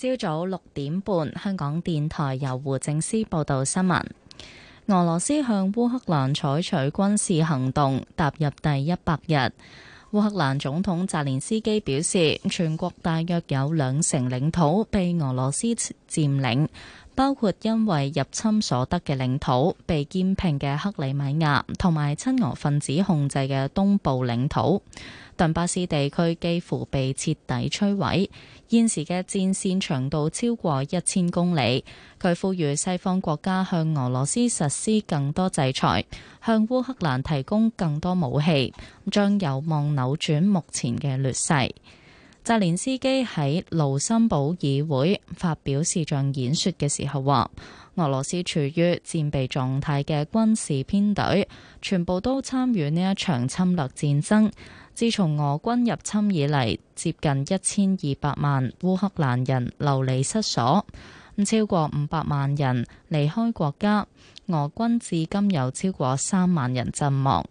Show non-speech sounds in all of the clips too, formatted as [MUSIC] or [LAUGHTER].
朝早六點半，香港電台由胡政斯報道新聞。俄羅斯向烏克蘭採取軍事行動踏入第一百日。烏克蘭總統澤連斯基表示，全國大約有兩成領土被俄羅斯佔領，包括因為入侵所得嘅領土、被兼併嘅克里米亞，同埋親俄分子控制嘅東部領土。頓巴斯地區幾乎被徹底摧毀，現時嘅戰線長度超過一千公里。佢呼籲西方國家向俄羅斯實施更多制裁，向烏克蘭提供更多武器，將有望扭轉目前嘅劣勢。澤連斯基喺盧森堡議會發表視像演說嘅時候話。俄羅斯處於戰備狀態嘅軍事編隊，全部都參與呢一場侵略戰爭。自從俄軍入侵以嚟，接近一千二百萬烏克蘭人流離失所，咁超過五百萬人離開國家。俄軍至今有超過三萬人陣亡。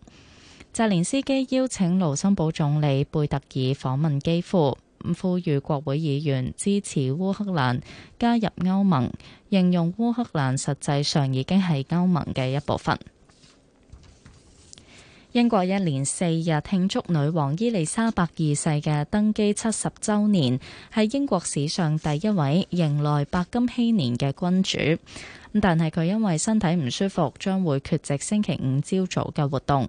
澤連斯基邀請盧森堡總理貝特爾訪問基輔。呼籲國會議員支持烏克蘭加入歐盟，形容烏克蘭實際上已經係歐盟嘅一部分。英國一連四日慶祝女王伊麗莎白二世嘅登基七十周年，係英國史上第一位迎來白金禧年嘅君主。但係佢因為身體唔舒服，將會缺席星期五朝早嘅活動。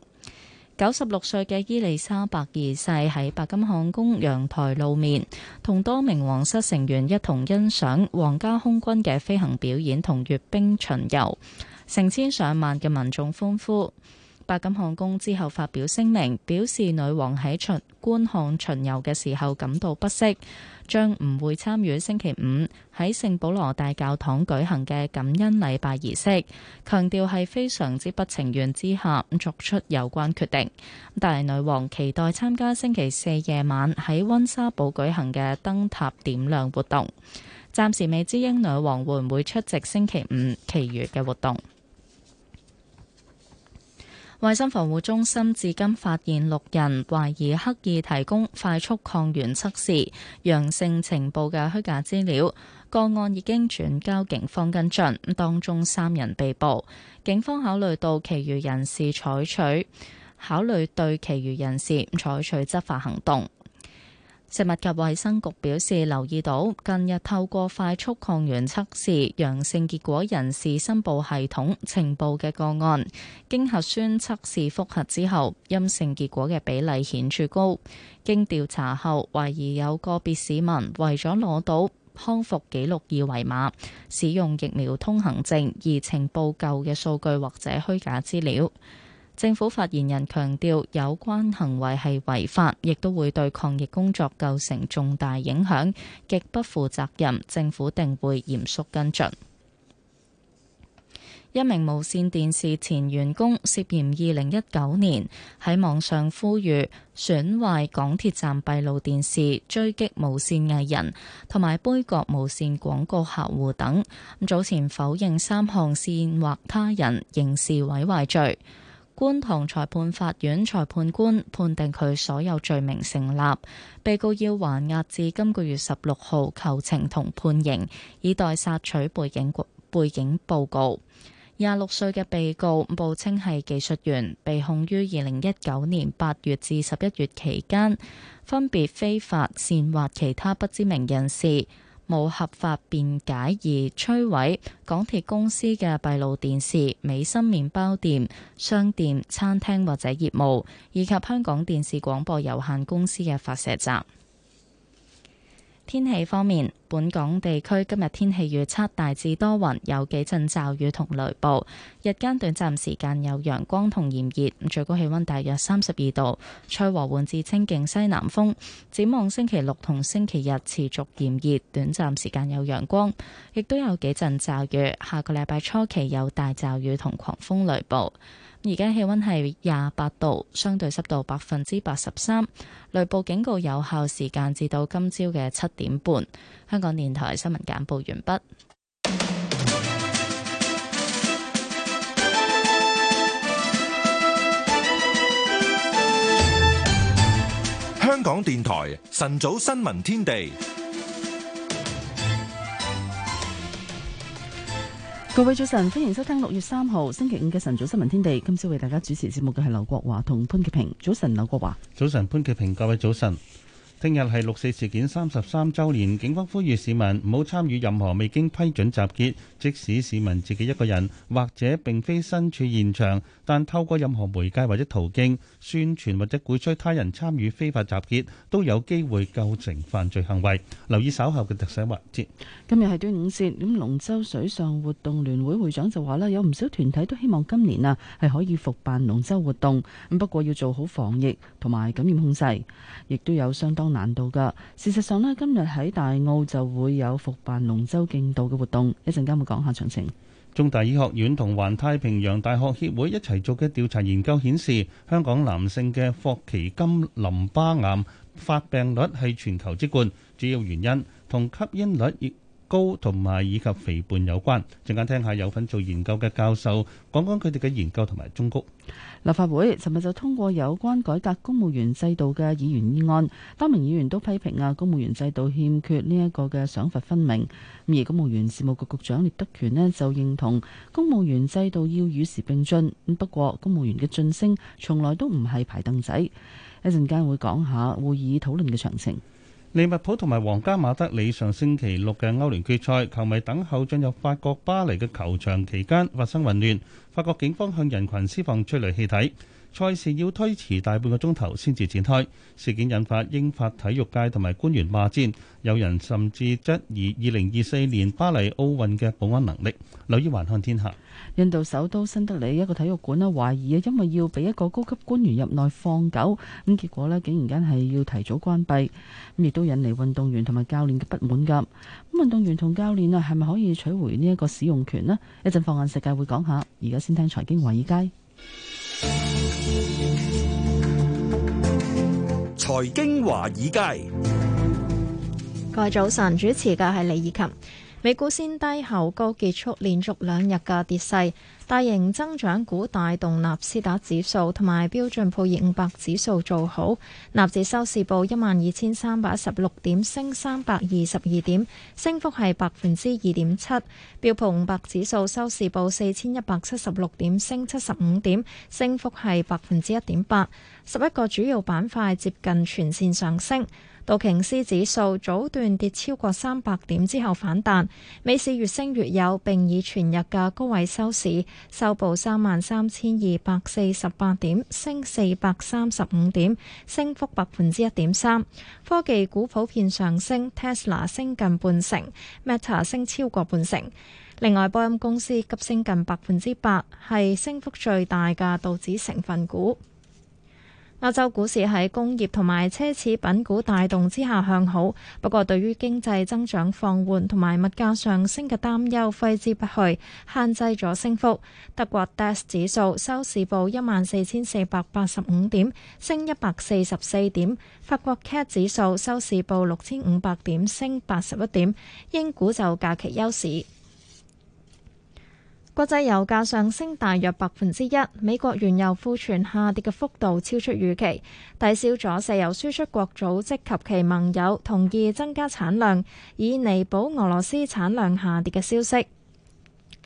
九十六歲嘅伊利沙伯二世喺白金漢宮陽台露面，同多名皇室成員一同欣賞皇家空軍嘅飛行表演同閱兵巡遊，成千上萬嘅民眾歡呼。白金漢宮之後發表聲明，表示女王喺巡觀看巡遊嘅時候感到不適，將唔會參與星期五喺聖保羅大教堂舉行嘅感恩禮拜儀式，強調係非常之不情願之下作出有關決定。但係女王期待參加星期四夜晚喺溫莎堡舉行嘅燈塔點亮活動。暫時未知英女王會唔會出席星期五其餘嘅活動。衞生防護中心至今發現六人懷疑刻意提供快速抗原測試陽性情報嘅虛假資料，個案已經轉交警方跟進，咁當中三人被捕。警方考慮到其餘人士採取，考慮對其餘人士採取執法行動。食物及衛生局表示，留意到近日透過快速抗原測試陽性結果人士申報系統呈報嘅個案，經核酸測試複核之後，陰性結果嘅比例顯著高。經調查後，懷疑有個別市民為咗攞到康復記錄二維碼，使用疫苗通行證而呈報舊嘅數據或者虛假資料。政府發言人強調，有關行為係違法，亦都會對抗疫工作構成重大影響，極不負責任。政府定會嚴肅跟進。一名無綫電視前員工涉嫌二零一九年喺網上呼籲損壞港鐵站閉路電視、追擊無綫藝人同埋杯葛無綫廣告客戶等，早前否認三項煽惑他人、刑事毀壞罪。觀塘裁判法院裁判官判定佢所有罪名成立，被告要還押至今個月十六號求情同判刑，以待索取背景背景報告。廿六歲嘅被告報稱係技術員，被控於二零一九年八月至十一月期間，分別非法煽惑其他不知名人士。冇合法辯解而摧毀港鐵公司嘅閉路電視、美心麵包店、商店、餐廳或者業務，以及香港電視廣播有限公司嘅發射站。天氣方面，本港地區今日天，天氣預測大致多雲，有幾陣驟雨同雷暴。日間短暫時間有陽光同炎熱，最高氣温大約三十二度。吹和緩至清勁西南風。展望星期六同星期日持續炎熱，短暫時間有陽光，亦都有幾陣驟雨。下個禮拜初期有大驟雨同狂風雷暴。而家氣溫係廿八度，相對濕度百分之八十三。雷暴警告有效時間至到今朝嘅七點半。香港電台新聞簡報完畢。香港電台晨早新聞天地。各位早晨，歡迎收聽六月三號星期五嘅晨早新聞天地。今朝為大家主持節目嘅係劉國華同潘潔平。早晨，劉國華。早晨，潘潔平。各位早晨。聽日係六四事件三十三週年，警方呼籲市民唔好參與任何未經批准集結，即使市民自己一個人或者並非身處現場，但透過任何媒介或者途徑宣傳或者鼓吹他人參與非法集結，都有機會構成犯罪行為。留意稍後嘅特寫環節。今日係端午節，咁龍舟水上活動聯會會長就話啦，有唔少團體都希望今年啊係可以復辦龍舟活動，咁不過要做好防疫同埋感染控制，亦都有相當難度噶，事實上呢今日喺大澳就會有復辦龍舟競渡嘅活動，一陣間會講下詳情。中大醫學院同環太平洋大學協會一齊做嘅調查研究顯示，香港男性嘅霍奇金淋巴癌發病率係全球之冠，主要原因同吸煙率亦。高同埋以及肥胖有關，陣間聽下有份做研究嘅教授講講佢哋嘅研究同埋忠告。立法會尋日就通過有關改革公務員制度嘅議員議案，多名議員都批評啊公務員制度欠缺呢一個嘅賞罰分明。而公務員事務局局長聶德權呢就認同公務員制度要與時並進，不過公務員嘅晉升從來都唔係排凳仔。一陣間會講下會議討論嘅詳情。利物浦同埋皇家馬德里上星期六嘅歐聯決賽，球迷等候進入法國巴黎嘅球場期間發生混亂，法國警方向人群施放催淚氣體。賽事要推遲大半個鐘頭先至展開，事件引發英法體育界同埋官員罵戰，有人甚至質疑二零二四年巴黎奧運嘅保安能力。留意環看天下，印度首都新德里一個體育館呢，懷疑啊，因為要俾一個高級官員入內放狗咁，結果呢竟然間係要提早關閉，咁亦都引嚟運動員同埋教練嘅不滿。噶咁運動員同教練啊，係咪可以取回呢一個使用權呢？一陣放眼世界會講下，而家先聽財經華爾街。財經華爾街，各位早晨，主持嘅係李綺琴。美股先低後高結束連續兩日嘅跌勢，大型增長股帶動納斯達指數同埋標準普爾五百指數做好，納指收市報一萬二千三百一十六點，升三百二十二點，升幅係百分之二點七；標普五百指數收市報四千一百七十六點，升七十五點，升幅係百分之一點八。十一個主要板塊接近全線上升。道瓊斯指數早段跌超過三百點之後反彈，美市越升越有，並以全日嘅高位收市，收報三萬三千二百四十八點，升四百三十五點，升幅百分之一點三。科技股普，普遍上升，Tesla 升近半成，Meta 升超過半成。另外，波音公司急升近百分之八，係升幅最大嘅道指成分股。歐洲股市喺工業同埋奢侈品股帶動之下向好，不過對於經濟增長放緩同埋物價上升嘅擔憂揮之不去，限制咗升幅。德國 DAX 指數收市報一萬四千四百八十五點，升一百四十四點。法國 CAC 指數收市報六千五百點，升八十一點。英股就假期休市。國際油價上升大約百分之一，美國原油庫存下跌嘅幅度超出預期，抵消咗石油輸出國組織及其盟友同意增加產量以彌補俄羅斯產量下跌嘅消息。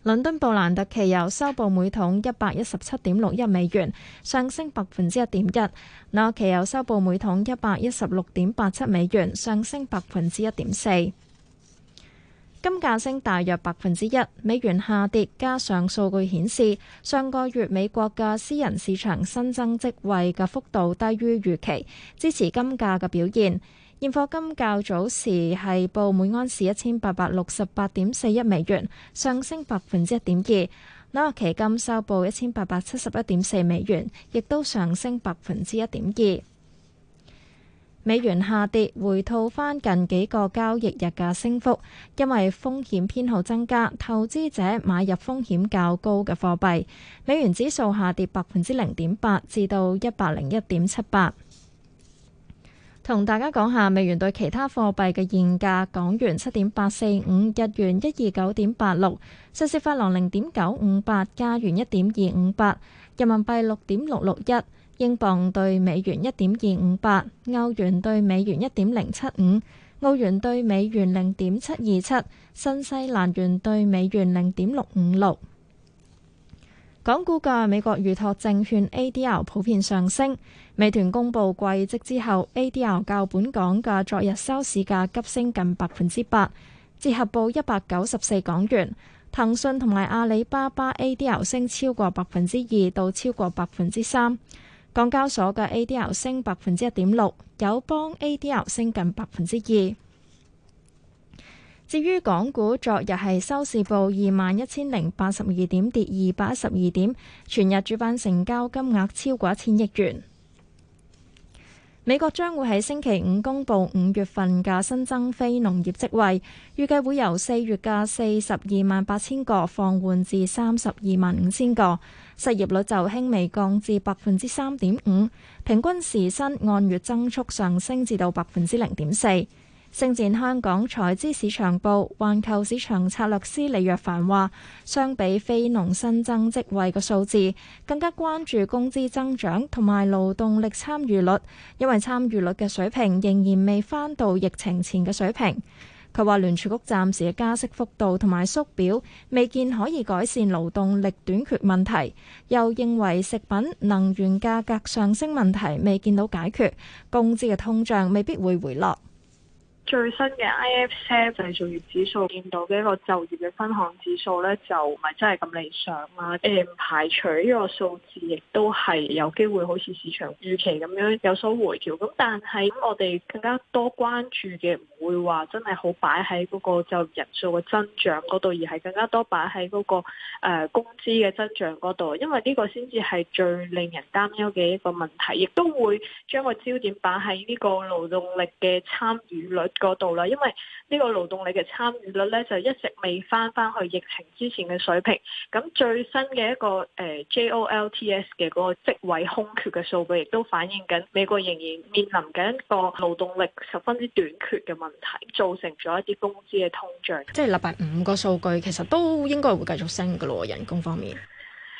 倫敦布蘭特期油收報每桶一百一十七點六一美元，上升百分之一點一；那期油收報每桶一百一十六點八七美元，上升百分之一點四。金價升大約百分之一，美元下跌，加上數據顯示上個月美國嘅私人市場新增職位嘅幅度低於預期，支持金價嘅表現。現貨金較早時係報每安士一千八百六十八點四一美元，上升百分之一點二。紐約期金收報一千八百七十一點四美元，亦都上升百分之一點二。美元下跌，回吐翻近幾個交易日嘅升幅，因為風險偏好增加，投資者買入風險較高嘅貨幣。美元指數下跌百分之零點八，至到一百零一點七八。同大家講下美元對其他貨幣嘅現價：港元七點八四五，日元一二九點八六，瑞士法郎零點九五八，加元一點二五八，人民幣六點六六一。英鎊兌美元一點二五八，歐元兌美元一點零七五，澳元兌美元零點七二七，新西蘭元兌美元零點六五六。港股嘅美國預託證券 A D R 普遍上升，美團公布季績之後，A D R 較本港價昨日收市價急升近百分之八，折合報一百九十四港元。騰訊同埋阿里巴巴 A D R 升超過百分之二到超過百分之三。港交所嘅 A D R 升百分之一點六，友邦 A D R 升近百分之二。至於港股，昨日係收市報二萬一千零八十二點，跌二百一十二點，全日主板成交金額超過一千億元。美國將會喺星期五公布五月份嘅新增非農業職位，預計會由四月嘅四十二萬八千個放緩至三十二萬五千個。失業率就輕微降至百分之三點五，平均時薪按月增速上升至到百分之零點四。星展香港財資市場部環球市場策略師李若凡話，相比非農新增職位嘅數字，更加關注工資增長同埋勞動力參與率，因為參與率嘅水平仍然未返到疫情前嘅水平。佢話聯儲局暫時嘅加息幅度同埋縮表未見可以改善勞動力短缺問題，又認為食品能源價格上升問題未見到解決，工資嘅通脹未必會回落。最新嘅 I F C 製造業指數見到嘅一個就業嘅分項指數咧，就唔係真係咁理想啦。誒、呃，排除呢個數字，亦都係有機會好似市場預期咁樣有所回調。咁但係、嗯、我哋更加多關注嘅唔會話真係好擺喺嗰個就業人數嘅增長嗰度，而係更加多擺喺嗰個、呃、工資嘅增長嗰度，因為呢個先至係最令人擔憂嘅一個問題，亦都會將個焦點擺喺呢個勞動力嘅參與率。嗰度啦，因為呢個勞動力嘅參與率咧就一直未翻翻去疫情之前嘅水平。咁最新嘅一個誒 JOLTS 嘅嗰個職位空缺嘅數據，亦都反映緊美國仍然面臨緊一個勞動力十分之短缺嘅問題，造成咗一啲工資嘅通脹。即係禮拜五個數據，其實都應該會繼續升噶咯，人工方面。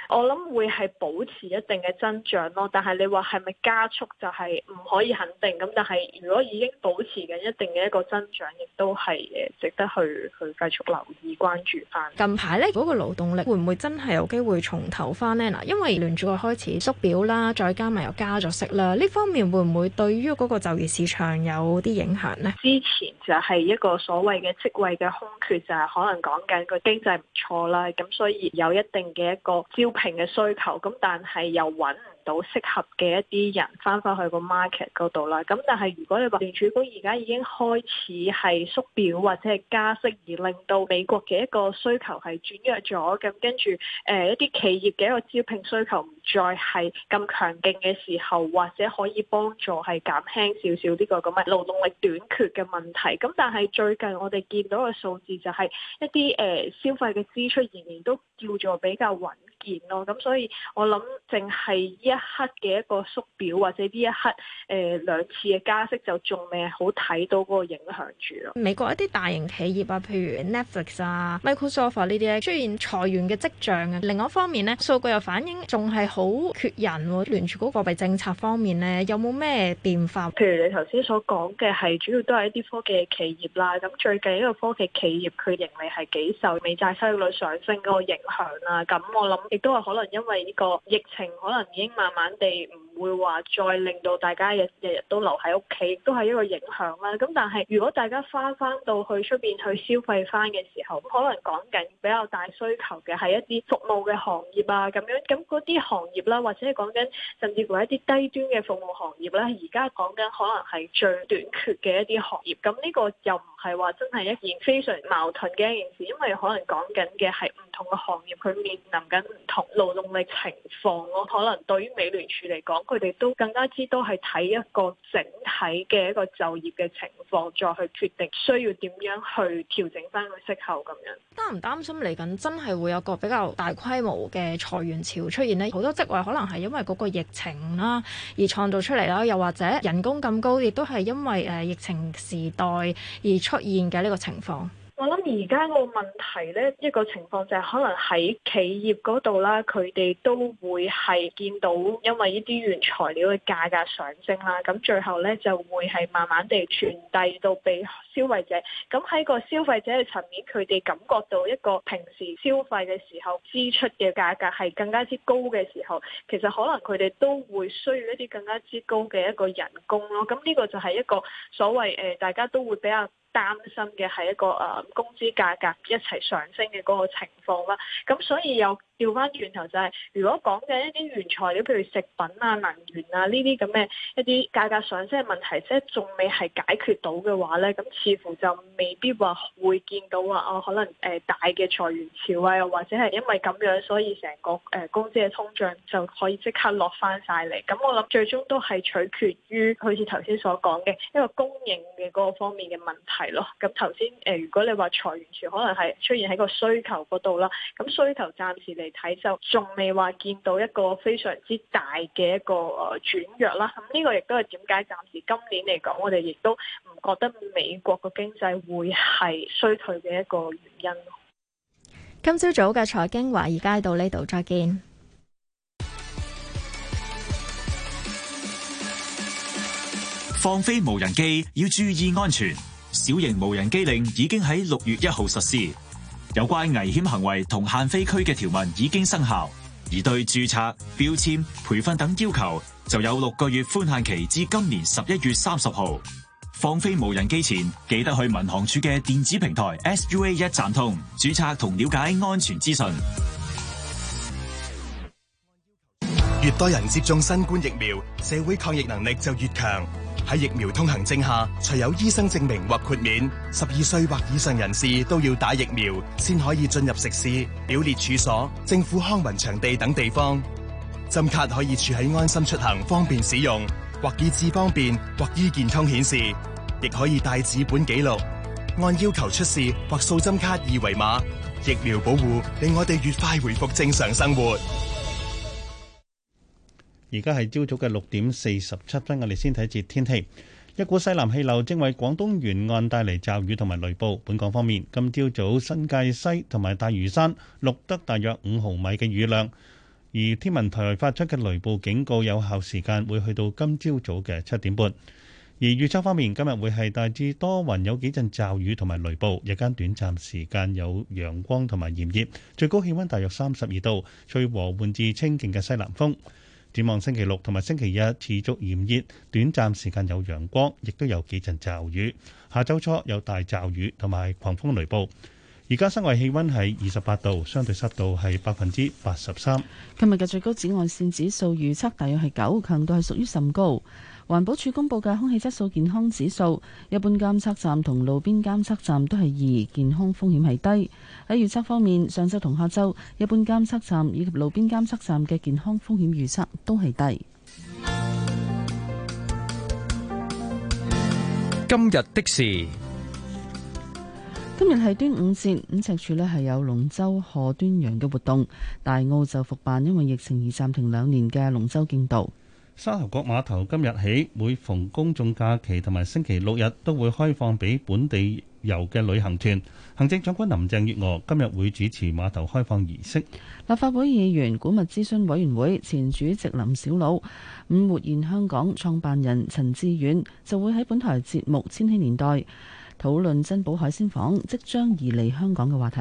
我諗會係保持一定嘅增長咯，但係你話係咪加速就係唔可以肯定咁。但係如果已經保持緊一定嘅一個增長，亦都係誒值得去去繼續留意關注翻。近排咧，嗰個勞動力會唔會真係有機會重頭翻呢？嗱，因爲聯儲局開始縮表啦，再加埋又加咗息啦，呢方面會唔會對於嗰個就業市場有啲影響呢？之前就係一個所謂嘅職位嘅空缺，就係，是，可能講緊個經濟唔錯啦，咁所以有一定嘅一個招。平嘅需求，咁但係又穩 [NOISE] 到適合嘅一啲人翻返去個 market 嗰度啦。咁但係如果你話聯儲局而家已經開始係縮表或者係加息，而令到美國嘅一個需求係轉弱咗，咁跟住誒一啲企業嘅一個招聘需求唔再係咁強勁嘅時候，或者可以幫助係減輕少少呢個咁嘅勞動力短缺嘅問題。咁但係最近我哋見到嘅數字就係一啲誒、呃、消費嘅支出仍然都叫做比較穩健咯。咁所以我諗淨係。一。一刻嘅一個縮表，或者呢一刻誒兩次嘅加息就仲未好睇到嗰個影響住咯。美國一啲大型企業啊，譬如 Netflix 啊、Microsoft 呢啲咧，出現裁員嘅跡象啊。另一方面咧，數據又反映仲係好缺人。聯儲局貨幣政策方面咧，有冇咩變化？譬如你頭先所講嘅係主要都係一啲科技企業啦。咁最近一個科技企業佢盈利係幾受美債收益率上升嗰個影響啦。咁我諗亦都係可能因為呢個疫情可能已經。慢慢地唔會話再令到大家日日日都留喺屋企，都係一個影響啦。咁但係如果大家翻翻到去出邊去消費翻嘅時候，可能講緊比較大需求嘅係一啲服務嘅行業啊，咁樣咁嗰啲行業啦，或者係講緊甚至乎一啲低端嘅服務行業啦，而家講緊可能係最短缺嘅一啲行業。咁呢個又唔係話真係一件非常矛盾嘅一件事，因為可能講緊嘅係。同個行業佢面臨緊唔同勞動力情況，咯，可能對於美聯儲嚟講，佢哋都更加之都係睇一個整體嘅一個就業嘅情況，再去決定需要點樣去調整翻個息口咁樣。擔唔擔心嚟緊真係會有個比較大規模嘅裁員潮出現咧？好多職位可能係因為嗰個疫情啦而創造出嚟啦，又或者人工咁高，亦都係因為誒疫情時代而出現嘅呢個情況。我諗而家個問題咧，一個情況就係可能喺企業度啦，佢哋都會係見到因為呢啲原材料嘅價格上升啦，咁最後咧就會係慢慢地傳遞到俾消費者，咁喺個消費者嘅層面，佢哋感覺到一個平時消費嘅時候支出嘅價格係更加之高嘅時候，其實可能佢哋都會需要一啲更加之高嘅一個人工咯。咁呢個就係一個所謂誒，大家都會比較擔心嘅係一個誒工資價格一齊上升嘅嗰個情況啦。咁所以有。調翻轉頭就係、是，如果講嘅一啲原材料，譬如食品啊、能源啊呢啲咁嘅一啲價格上升嘅問題，即係仲未係解決到嘅話咧，咁似乎就未必話會見到話哦，可能誒、呃、大嘅裁員潮啊，又或者係因為咁樣，所以成個誒公司嘅通脹就可以即刻落翻晒嚟。咁我諗最終都係取決於好似頭先所講嘅一個供應嘅嗰個方面嘅問題咯。咁頭先誒，如果你話裁員潮可能係出現喺個需求嗰度啦，咁需求暫時嚟睇就仲未話見到一個非常之大嘅一個誒轉弱啦，咁呢個亦都係點解暫時今年嚟講，我哋亦都唔覺得美國嘅經濟會係衰退嘅一個原因。今朝早嘅財經華爾街到呢度再見。放飛無人機要注意安全，小型無人機令已經喺六月一號實施。有關危險行為同限飛區嘅條文已經生效，而對註冊、標籤、培訓等要求就有六個月寬限期，至今年十一月三十號。放飛無人機前，記得去民航處嘅電子平台 SUA 一站通註冊同了解安全資訊。越多人接種新冠疫苗，社會抗疫能力就越強。喺疫苗通行證下，除有醫生證明或豁免，十二歲或以上人士都要打疫苗，先可以進入食肆、表列處所、政府康文場地等地方。針卡可以儲喺安心出行，方便使用，或易置方便，或醫健康顯示，亦可以帶紙本記錄，按要求出示或掃針卡二維碼。疫苗保護令我哋越快回復正常生活。而家係朝早嘅六點四十七分，我哋先睇一節天氣。一股西南氣流正為廣東沿岸帶嚟驟雨同埋雷暴。本港方面，今朝早新界西同埋大嶼山錄得大約五毫米嘅雨量，而天文台發出嘅雷暴警告有效時間會去到今朝早嘅七點半。而預測方面，今日會係大致多雲，有幾陣驟雨同埋雷暴，日間短暫時間有陽光同埋炎熱，最高氣溫大約三十二度，吹和緩至清勁嘅西南風。展望星期六同埋星期日持續炎熱，短暫時間有陽光，亦都有幾陣驟雨。下周初有大驟雨同埋狂風雷暴。而家室外氣温係二十八度，相對濕度係百分之八十三。今日嘅最高紫外線指數預測大約係九，強度係屬於甚高。環保署公布嘅空氣質素健康指數，一般監測站同路邊監測站都係二，健康風險係低。喺預測方面，上周同下周，一般監測站以及路邊監測站嘅健康風險預測都係低。今日的事，今日係端午節，五赤柱呢係有龍舟賀端陽嘅活動，大澳就復辦，因為疫情而暫停兩年嘅龍舟競渡。沙頭角碼頭今日起每逢公眾假期同埋星期六日都會開放俾本地遊嘅旅行團。行政長官林鄭月娥今日會主持碼頭開放儀式。立法會議員、古物諮詢委員會前主席林小魯、五活現香港創辦人陳志遠就會喺本台節目《千禧年代》討論珍寶海鮮舫即將移離香港嘅話題。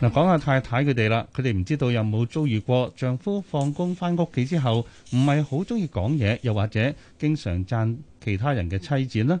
嗱，講下太太佢哋啦，佢哋唔知道有冇遭遇過丈夫放工翻屋企之後，唔係好中意講嘢，又或者經常讚其他人嘅妻子呢？啦。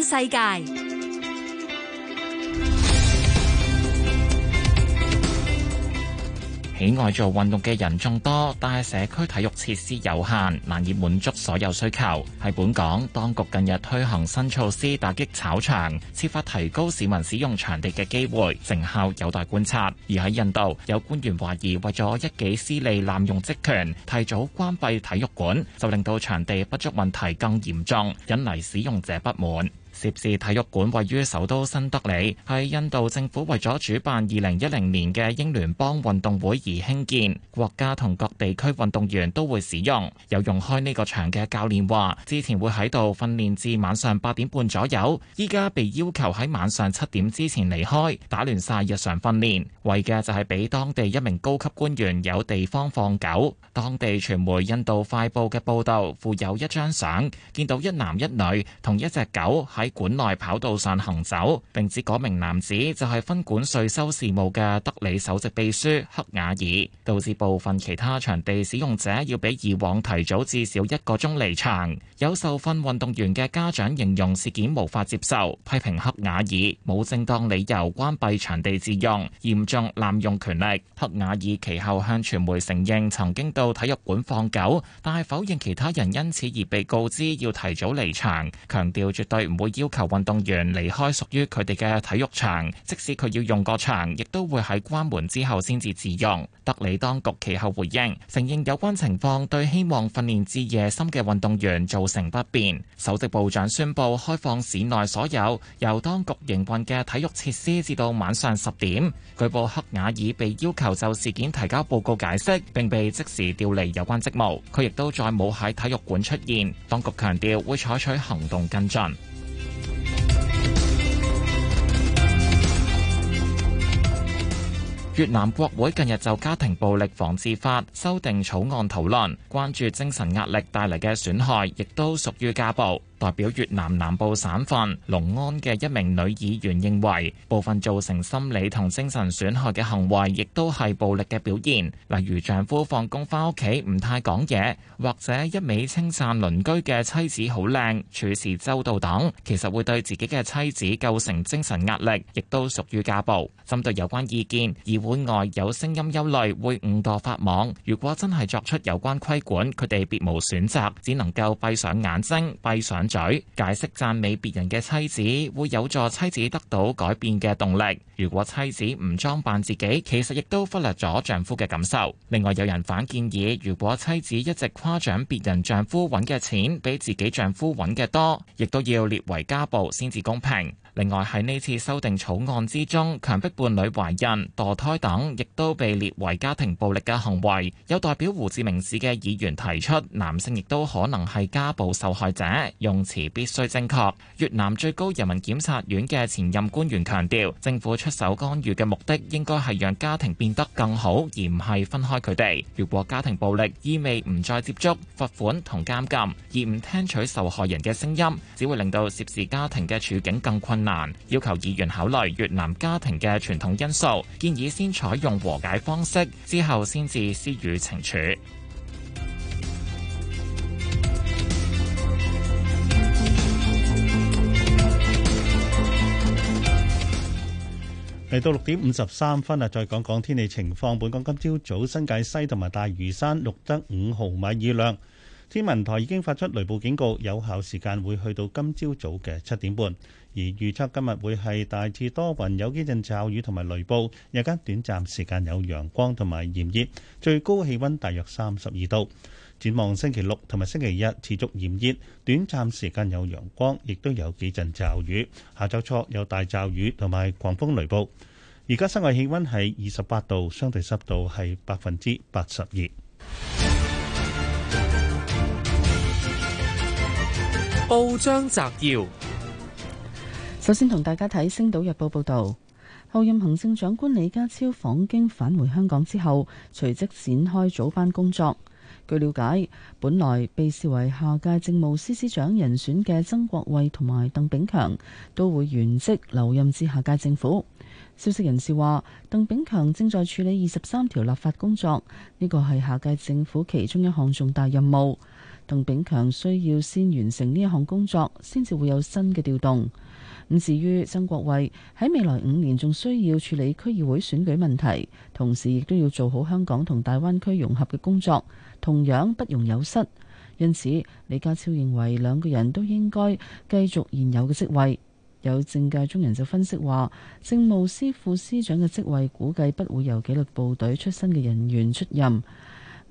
世界喜愛做運動嘅人眾多，但係社區體育設施有限，難以滿足所有需求。喺本港，當局近日推行新措施打擊炒場，設法提高市民使用場地嘅機會，成效有待觀察。而喺印度，有官員懷疑為咗一己私利濫用職權，提早關閉體育館，就令到場地不足問題更嚴重，引嚟使用者不滿。涉事體育館位於首都新德里，係印度政府為咗主辦2010年嘅英聯邦運動會而興建，國家同各地區運動員都會使用。有用開呢個場嘅教練話，之前會喺度訓練至晚上八點半左右，依家被要求喺晚上七點之前離開，打亂晒日常訓練。為嘅就係俾當地一名高級官員有地方放狗。當地傳媒《印度快報》嘅報導附有一張相，見到一男一女同一隻狗喺館內跑道上行走，並指嗰名男子就係分管稅收事務嘅德里首席秘書克瓦爾，導致部分其他場地使用者要比以往提早至少一個鐘離場。有受訓運動員嘅家長形容事件無法接受，批評克瓦爾冇正當理由關閉場地自用，嚴重濫用權力。克瓦爾其後向傳媒承認曾經到體育館放狗，但係否認其他人因此而被告知要提早離場，強調絕對唔會以。要求運動員離開屬於佢哋嘅體育場，即使佢要用個場，亦都會喺關門之後先至自用。德里當局其後回應承認有關情況，對希望訓練至夜深嘅運動員造成不便。首席部長宣布開放市內所有由當局營運嘅體育設施至到晚上十點。據報，克瓦爾被要求就事件提交報告解釋，並被即時調離有關職務。佢亦都再冇喺體育館出現。當局強調會採取行動跟進。越南國會近日就家庭暴力防治法修訂草案討論，關注精神壓力帶嚟嘅損害，亦都屬於家暴。代表越南南部省份隆安嘅一名女議員認為，部分造成心理同精神損害嘅行為，亦都係暴力嘅表現，例如丈夫放工翻屋企唔太講嘢，或者一味稱讚鄰居嘅妻子好靚、處事周到等，其實會對自己嘅妻子構成精神壓力，亦都屬於家暴。針對有關意見，議會外有聲音憂慮會誤墮法網，如果真係作出有關規管，佢哋別無選擇，只能夠閉上眼睛、閉上嘴。解釋讚美別人嘅妻子，會有助妻子得到改變嘅動力。如果妻子唔裝扮自己，其實亦都忽略咗丈夫嘅感受。另外有人反建議，如果妻子一直誇獎別人丈夫揾嘅錢比自己丈夫揾嘅多，亦都要列為家暴先至公平。另外喺呢次修訂草案之中，強迫伴侶懷孕、墮胎等亦都被列為家庭暴力嘅行為。有代表胡志明市嘅議員提出，男性亦都可能係家暴受害者，用詞必須正確。越南最高人民檢察院嘅前任官員強調，政府出手干預嘅目的應該，係讓家庭變得更好，而唔係分開佢哋。如果家庭暴力意味唔再接觸罰款同監禁，而唔聽取受害人嘅聲音，只會令到涉事家庭嘅處境更困難，要求議員考慮越南家庭嘅傳統因素，建議先採用和解方式，之後先至施予懲處。嚟到六點五十三分啊，再講講天氣情況。本港今朝早，早新界西同埋大嶼山錄得五毫米雨量，天文台已經發出雷暴警告，有效時間會去到今朝早嘅七點半。而預測今日會係大致多雲，有幾陣驟雨同埋雷暴，日間短暫時間有陽光同埋炎熱，最高氣温大約三十二度。展望星期六同埋星期一持續炎熱，短暫時間有陽光，亦都有幾陣驟雨。下週初有大驟雨同埋狂風雷暴。而家室外氣温係二十八度，相對濕度係百分之八十二。報章摘要。首先同大家睇《星島日報》報道，後任行政長官李家超訪京返回香港之後，隨即展開早班工作。據了解，本來被視為下屆政務司司長人選嘅曾國衛同埋鄧炳強都會原職留任至下屆政府。消息人士話，鄧炳強正在處理二十三條立法工作，呢個係下屆政府其中一項重大任務。鄧炳強需要先完成呢一項工作，先至會有新嘅調動。咁至於曾國衛喺未來五年仲需要處理區議會選舉問題，同時亦都要做好香港同大灣區融合嘅工作，同樣不容有失。因此，李家超認為兩個人都應該繼續現有嘅職位。有政界中人就分析話，政務司副司長嘅職位估計不會由紀律部隊出身嘅人員出任。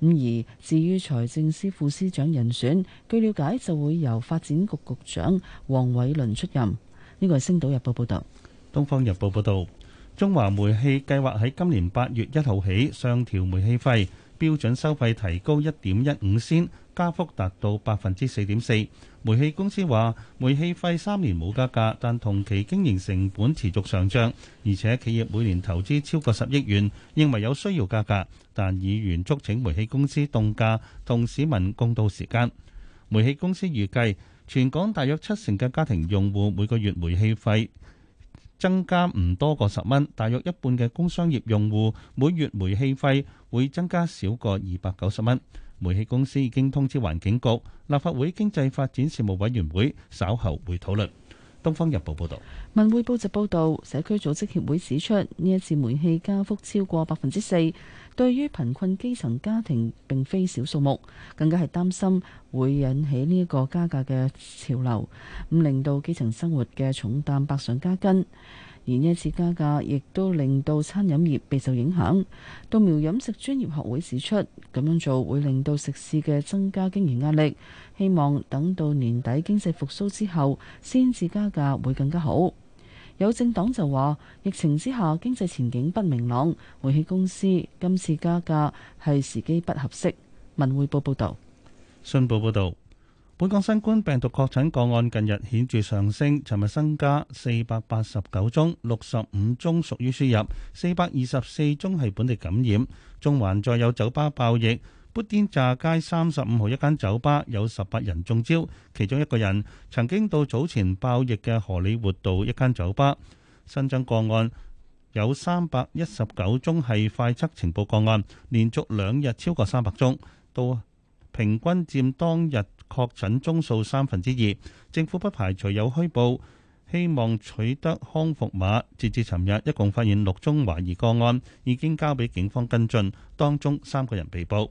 咁而至於財政司副司長人選，據了解就會由發展局局長黃偉綸出任。呢個係《星島日報》報導，《東方日報》報導，中華煤氣計劃喺今年八月一號起上調煤氣費標準收費，提高一點一五仙，加幅達到百分之四點四。煤氣公司話：煤氣費三年冇加價，但同期經營成本持續上漲，而且企業每年投資超過十億元，認為有需要加價。但議員促請煤氣公司凍價，同市民共度時艱。煤氣公司預計，全港大約七成嘅家庭用戶每個月煤氣費增加唔多過十蚊，大約一半嘅工商業用戶每月煤氣費會增加少過二百九十蚊。煤氣公司已經通知環境局，立法會經濟發展事務委員會稍後會討論。《東方日報》報道，《文匯報》就報道，社區組織協會指出，呢一次煤氣加幅超過百分之四。對於貧困基層家庭並非少數目，更加係擔心會引起呢一個加價嘅潮流，咁令到基層生活嘅重擔百上加斤。而呢一次加價亦都令到餐飲業備受影響。稻苗飲食專業學會指出，咁樣做會令到食肆嘅增加經營壓力，希望等到年底經濟復甦之後先至加價會更加好。有政黨就話，疫情之下經濟前景不明朗，回氣公司今次加價係時機不合適。文匯報報導，信報報導，本港新冠病毒確診個案近日顯著上升，尋日增加四百八十九宗，六十五宗屬於輸入，四百二十四宗係本地感染，中環再有酒吧爆疫。砵甸乍街三十五號一間酒吧有十八人中招，其中一個人曾經到早前爆疫嘅荷里活道一間酒吧。新增個案有三百一十九宗係快測情報個案，連續兩日超過三百宗，到平均佔當日確診宗數三分之二。政府不排除有虛報，希望取得康復碼。截至尋日，一共發現六宗懷疑個案，已經交俾警方跟進，當中三個人被捕。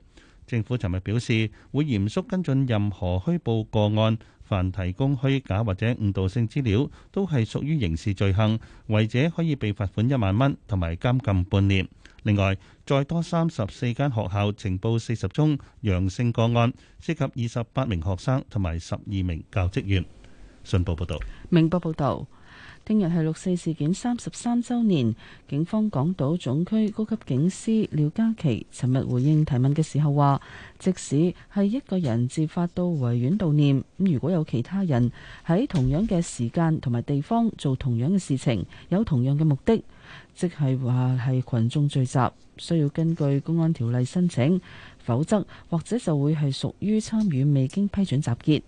政府尋日表示，會嚴肅跟進任何虛報個案，凡提供虛假或者誤導性資料，都係屬於刑事罪行，違者可以被罰款一萬蚊，同埋監禁半年。另外，再多三十四間學校呈報四十宗陽性個案，涉及二十八名學生同埋十二名教職員。信報報導，明報報導。聽日係六四事件三十三週年，警方港島總區高級警司廖家琪尋日回應提問嘅時候話：即使係一個人自發到維園悼念，如果有其他人喺同樣嘅時間同埋地方做同樣嘅事情，有同樣嘅目的，即係話係群眾聚集，需要根據公安條例申請，否則或者就會係屬於參與未經批准集結。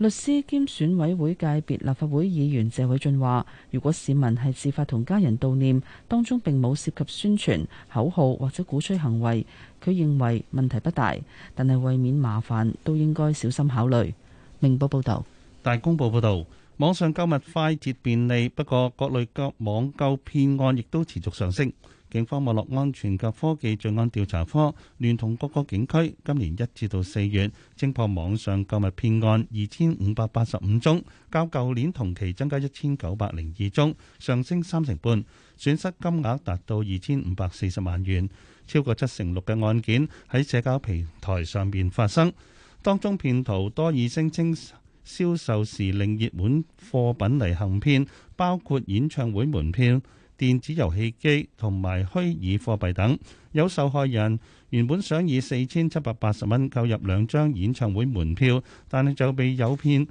律師兼選委會界別立法會議員謝偉俊話，如果市民係自發同家人悼念，當中並冇涉及宣傳、口號或者鼓吹行為，佢認為問題不大，但係為免麻煩，都應該小心考慮。明報報道。大公報報道，網上購物快捷便利，不過各類網購騙案亦都持續上升。警方網絡安全及科技罪案調查科聯同各個警區，今年一至到四月偵破網上購物騙案二千五百八十五宗，較舊年同期增加一千九百零二宗，上升三成半，損失金額達到二千五百四十萬元，超過七成六嘅案件喺社交平台上面發生，當中騙徒多以聲稱銷售時令熱門貨品嚟行騙，包括演唱會門票。電子遊戲機同埋虛擬貨幣等，有受害人原本想以四千七百八十蚊購入兩張演唱會門票，但係就被誘騙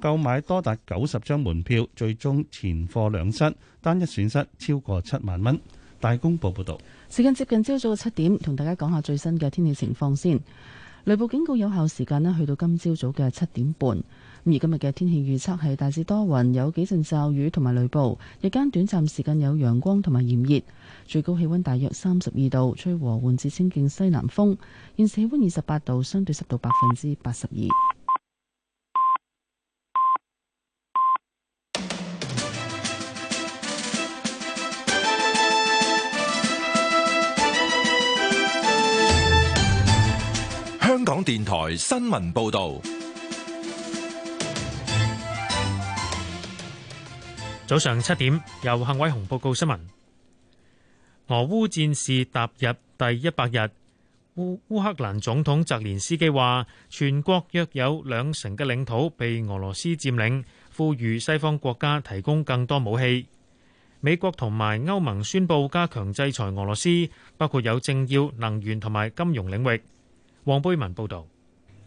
購買多達九十張門票，最終錢貨兩失，單一損失超過七萬蚊。大公報報導。時間接近朝早嘅七點，同大家講下最新嘅天氣情況先。雷暴警告有效時間咧，去到今朝早嘅七點半。而今日嘅天氣預測係大致多雲，有幾陣驟雨同埋雷暴，日間短暫時間有陽光同埋炎熱，最高氣溫大約三十二度，吹和緩至清勁西南風。現時氣溫二十八度，相對濕度百分之八十二。香港電台新聞報道。早上七點，由幸偉雄報告新聞。俄烏戰事踏入第一百日，烏烏克蘭總統澤連斯基話：全國約有兩成嘅領土被俄羅斯佔領，呼籲西方國家提供更多武器。美國同埋歐盟宣布加強制裁俄羅斯，包括有政要、能源同埋金融領域。黃貝文報導。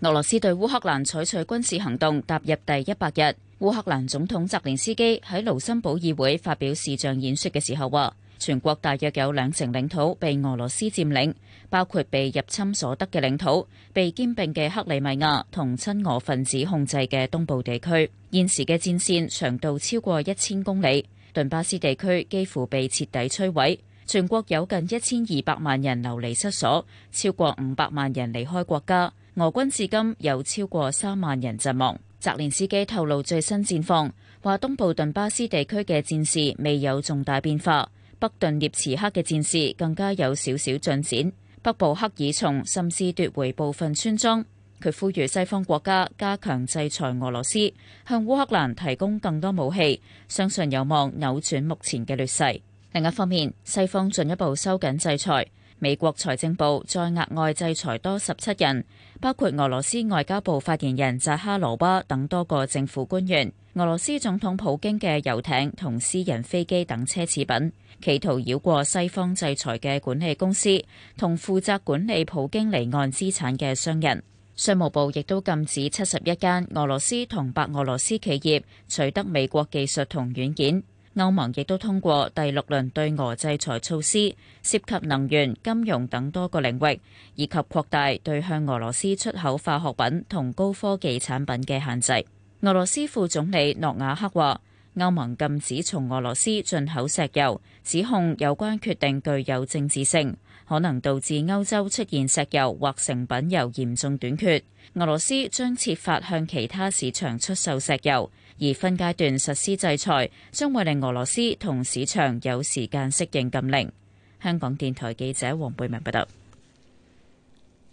俄羅斯對烏克蘭採取軍事行動踏入第一百日。烏克蘭總統澤連斯基喺盧森堡議會發表視像演說嘅時候話，全國大約有兩成領土被俄羅斯佔領，包括被入侵所得嘅領土，被兼併嘅克里米亞同親俄分子控制嘅東部地區。現時嘅戰線長度超過一千公里，頓巴斯地區幾乎被徹底摧毀，全國有近一千二百萬人流離失所，超過五百萬人離開國家。俄軍至今有超過三萬人陣亡。澤連斯基透露最新戰況，話東部頓巴斯地區嘅戰事未有重大變化，北頓涅茨克嘅戰事更加有少少進展，北部赫爾松甚至奪回部分村莊。佢呼籲西方國家加強制裁俄羅斯，向烏克蘭提供更多武器，相信有望扭轉目前嘅劣勢。另一方面，西方進一步收緊制裁，美國財政部再額外制裁多十七人。包括俄羅斯外交部發言人扎哈羅娃等多個政府官員、俄羅斯總統普京嘅遊艇同私人飛機等奢侈品，企圖繞過西方制裁嘅管理公司同負責管理普京離岸資產嘅商人。商務部亦都禁止七十一間俄羅斯同白俄羅斯企業取得美國技術同軟件。歐盟亦都通過第六輪對俄制裁措施，涉及能源、金融等多個領域，以及擴大對向俄羅斯出口化學品同高科技產品嘅限制。俄羅斯副總理諾瓦克話，歐盟禁止從俄羅斯進口石油，指控有關決定具有政治性，可能導致歐洲出現石油或成品油嚴重短缺。俄羅斯將設法向其他市場出售石油。而分階段實施制裁，將會令俄羅斯同市場有時間適應禁令。香港電台記者黃貝文報道。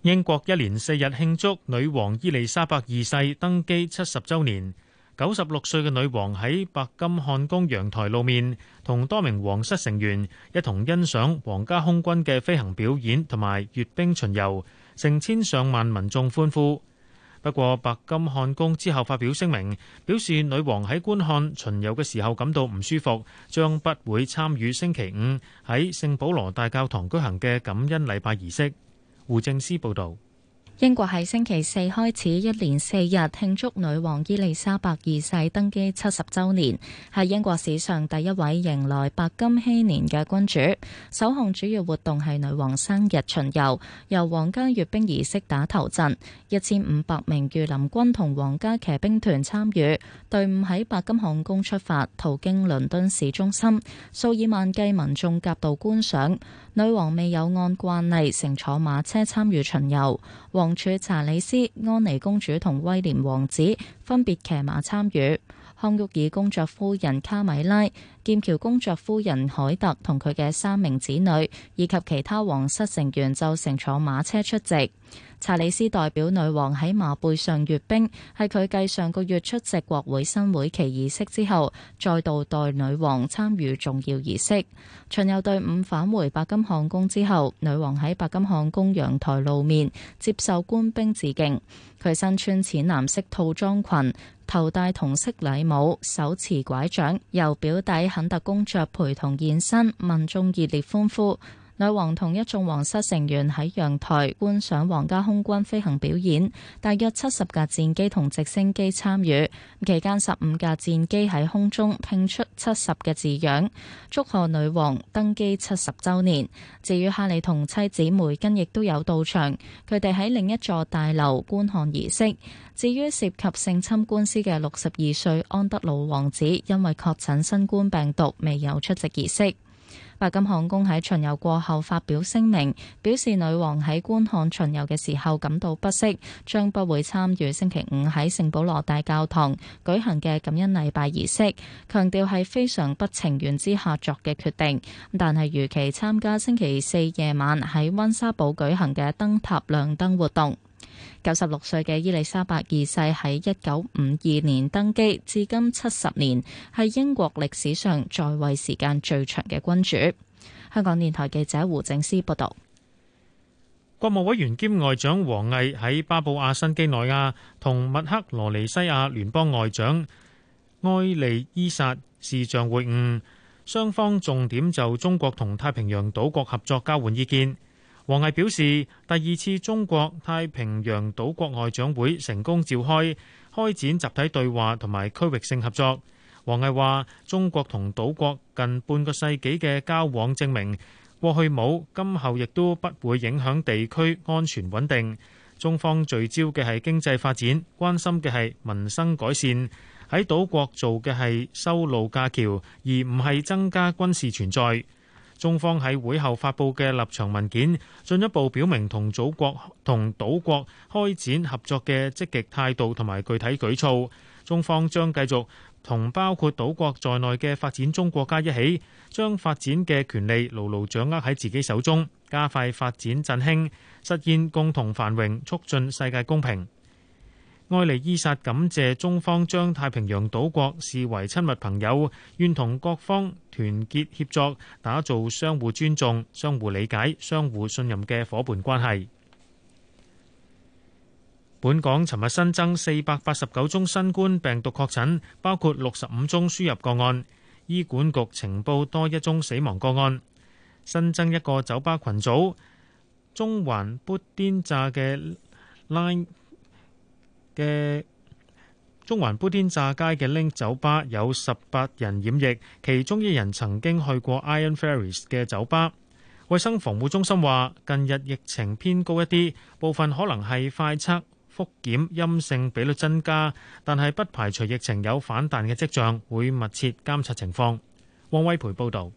英國一連四日慶祝女王伊麗莎白二世登基七十週年。九十六歲嘅女王喺白金漢宮陽台露面，同多名皇室成員一同欣賞皇家空軍嘅飛行表演同埋閱兵巡遊，成千上萬民眾歡呼。不過，白金漢宮之後發表聲明，表示女王喺觀看巡遊嘅時候感到唔舒服，將不會參與星期五喺聖保羅大教堂舉行嘅感恩禮拜儀式。胡政思報導。英國喺星期四開始一連四日慶祝女王伊麗莎白二世登基七十週年，係英國史上第一位迎來白金禧年嘅君主。首項主要活動係女王生日巡遊，由皇家閱兵儀式打頭陣，一千五百名御林軍同皇家騎兵團參與，隊伍喺白金漢宮出發，途經倫敦市中心，數以萬計民眾夾道觀賞。女王未有按慣例乘坐馬車參與巡遊，王儲查理斯、安妮公主同威廉王子分別騎馬參與。康沃爾公爵夫人卡米拉、劍橋公爵夫人凱特同佢嘅三名子女，以及其他皇室成員就乘坐馬車出席。查理斯代表女王喺馬背上閱兵，係佢繼上個月出席國會新會期儀式之後，再度代女王參與重要儀式。巡遊隊伍返回白金漢宮之後，女王喺白金漢宮陽台露面，接受官兵致敬。佢身穿淺藍色套裝裙。頭戴同色禮帽，手持拐杖，由表弟肯特公爵陪同現身，民眾熱烈歡呼。女王同一眾皇室成員喺陽台觀賞皇家空軍飛行表演，大約七十架戰機同直升機參與。期間十五架戰機喺空中拼出七十嘅字樣，祝賀女王登基七十週年。至於哈利同妻子梅根亦都有到場，佢哋喺另一座大樓觀看儀式。至於涉及性侵官司嘅六十二歲安德魯王子，因為確診新冠病毒，未有出席儀式。白金漢宮喺巡遊過後發表聲明，表示女王喺觀看巡遊嘅時候感到不適，將不會參與星期五喺聖保羅大教堂舉行嘅感恩禮拜儀式，強調係非常不情願之下作嘅決定。但係如期參加星期四夜晚喺溫莎堡舉行嘅燈塔亮燈活動。九十六歲嘅伊利沙伯二世喺一九五二年登基，至今七十年，係英國歷史上在位時間最長嘅君主。香港電台記者胡正思報道。國務委員兼外長王毅喺巴布亞新幾內亞同密克羅尼西亞聯邦外長埃利伊薩視像會晤，雙方重點就中國同太平洋島國合作交換意見。王毅表示，第二次中國太平洋島國外長會成功召開，開展集體對話同埋區域性合作。王毅話：中國同島國近半個世紀嘅交往證明，過去冇，今後亦都不會影響地區安全穩定。中方聚焦嘅係經濟發展，關心嘅係民生改善，喺島國做嘅係修路架橋，而唔係增加軍事存在。中方喺會後發佈嘅立場文件，進一步表明同祖國、同島國開展合作嘅積極態度同埋具體舉措。中方將繼續同包括島國在內嘅發展中國家一起，將發展嘅權利牢牢掌握喺自己手中，加快發展振興，實現共同繁榮，促進世界公平。埃莉伊沙感謝中方將太平洋島國視為親密朋友，願同各方團結協作，打造相互尊重、相互理解、相互信任嘅伙伴關係。本港尋日新增四百八十九宗新冠病毒確診，包括六十五宗輸入個案。醫管局呈報多一宗死亡個案，新增一個酒吧群組，中環砵甸乍嘅拉。嘅中環砵甸乍街嘅 Link 酒吧有十八人染疫，其中一人曾經去過 Iron Fairies 嘅酒吧。衛生防護中心話：近日疫情偏高一啲，部分可能係快測復檢陰性比率增加，但係不排除疫情有反彈嘅跡象，會密切監察情況。汪威培報導。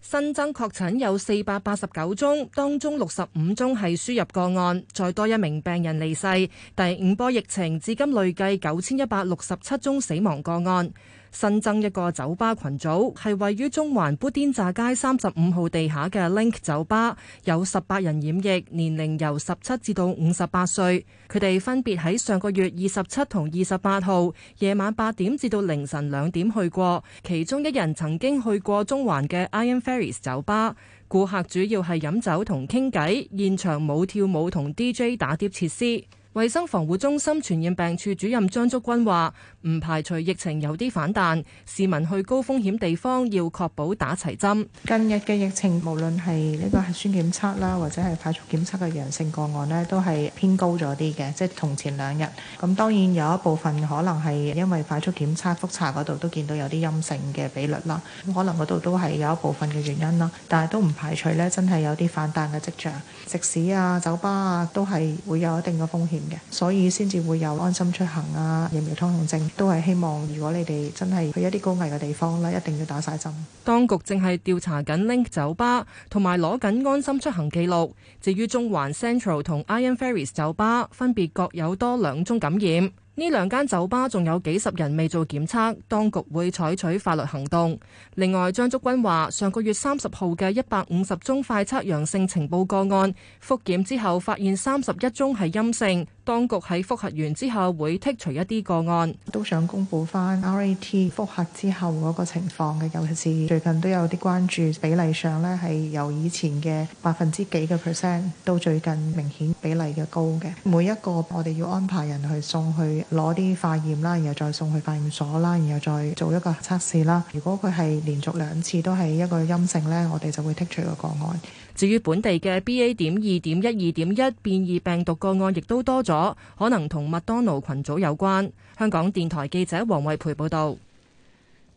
新增確診有四百八十九宗，當中六十五宗係輸入個案，再多一名病人離世。第五波疫情至今累計九千一百六十七宗死亡個案。新增一個酒吧群組，係位於中環砵甸乍街三十五號地下嘅 Link 酒吧，有十八人染疫，年齡由十七至到五十八歲。佢哋分別喺上個月二十七同二十八號夜晚八點至到凌晨兩點去過，其中一人曾經去過中環嘅 Iron Fairies 酒吧。顧客主要係飲酒同傾偈，現場冇跳舞同 DJ 打碟設施。衛生防護中心傳染病處主任張竹君話：唔排除疫情有啲反彈，市民去高風險地方要確保打齊針。近日嘅疫情，無論係呢個核酸檢測啦，或者係快速檢測嘅陽性個案呢，都係偏高咗啲嘅，即係同前兩日。咁當然有一部分可能係因為快速檢測複查嗰度都見到有啲陰性嘅比率啦，咁可能嗰度都係有一部分嘅原因啦。但係都唔排除呢真係有啲反彈嘅跡象。食肆啊、酒吧啊，都係會有一定嘅風險。所以先至會有安心出行啊，疫苗通行證都係希望，如果你哋真係去一啲高危嘅地方咧，一定要打晒針。當局正係調查緊 Link 酒吧，同埋攞緊安心出行記錄。至於中環 Central 同 Iron Ferries 酒吧，分別各有多兩宗感染。呢兩間酒吧仲有幾十人未做檢測，當局會採取法律行動。另外張竹君話，上個月三十號嘅一百五十宗快測陽性情報個案，復檢之後發現三十一宗係陰性。當局喺複核完之後會剔除一啲個案，都想公布翻 RAT 複核之後嗰個情況嘅。尤其是最近都有啲關注，比例上呢係由以前嘅百分之幾嘅 percent 到最近明顯比例嘅高嘅。每一個我哋要安排人去送去攞啲化驗啦，然後再送去化驗所啦，然後再做一個測試啦。如果佢係連續兩次都係一個陰性呢，我哋就會剔除個個案。至於本地嘅 BA. 點二點一二點一變異病毒個案，亦都多咗。可能同麥當勞群組有關。香港電台記者黃慧培報道。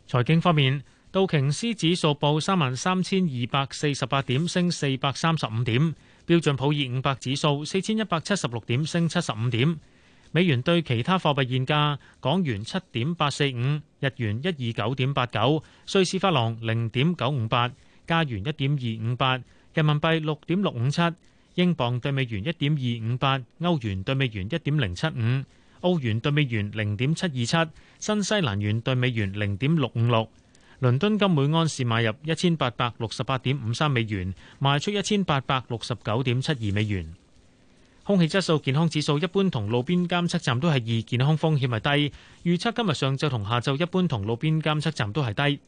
財經方面，道瓊斯指數報三萬三千二百四十八點，升四百三十五點；標準普爾五百指數四千一百七十六點，升七十五點。美元對其他貨幣現價：港元七點八四五，日元一二九點八九，瑞士法郎零點九五八，加元一點二五八，人民幣六點六五七。英鎊兌美元一點二五八，歐元兌美元一點零七五，澳元兌美元零點七二七，新西蘭元兌美元零點六五六。倫敦金每安士買入一千八百六十八點五三美元，賣出一千八百六十九點七二美元。空氣質素健康指數一般，同路邊監測站都係二，健康風險係低。預測今日上晝同下晝一般，同路邊監測站都係低。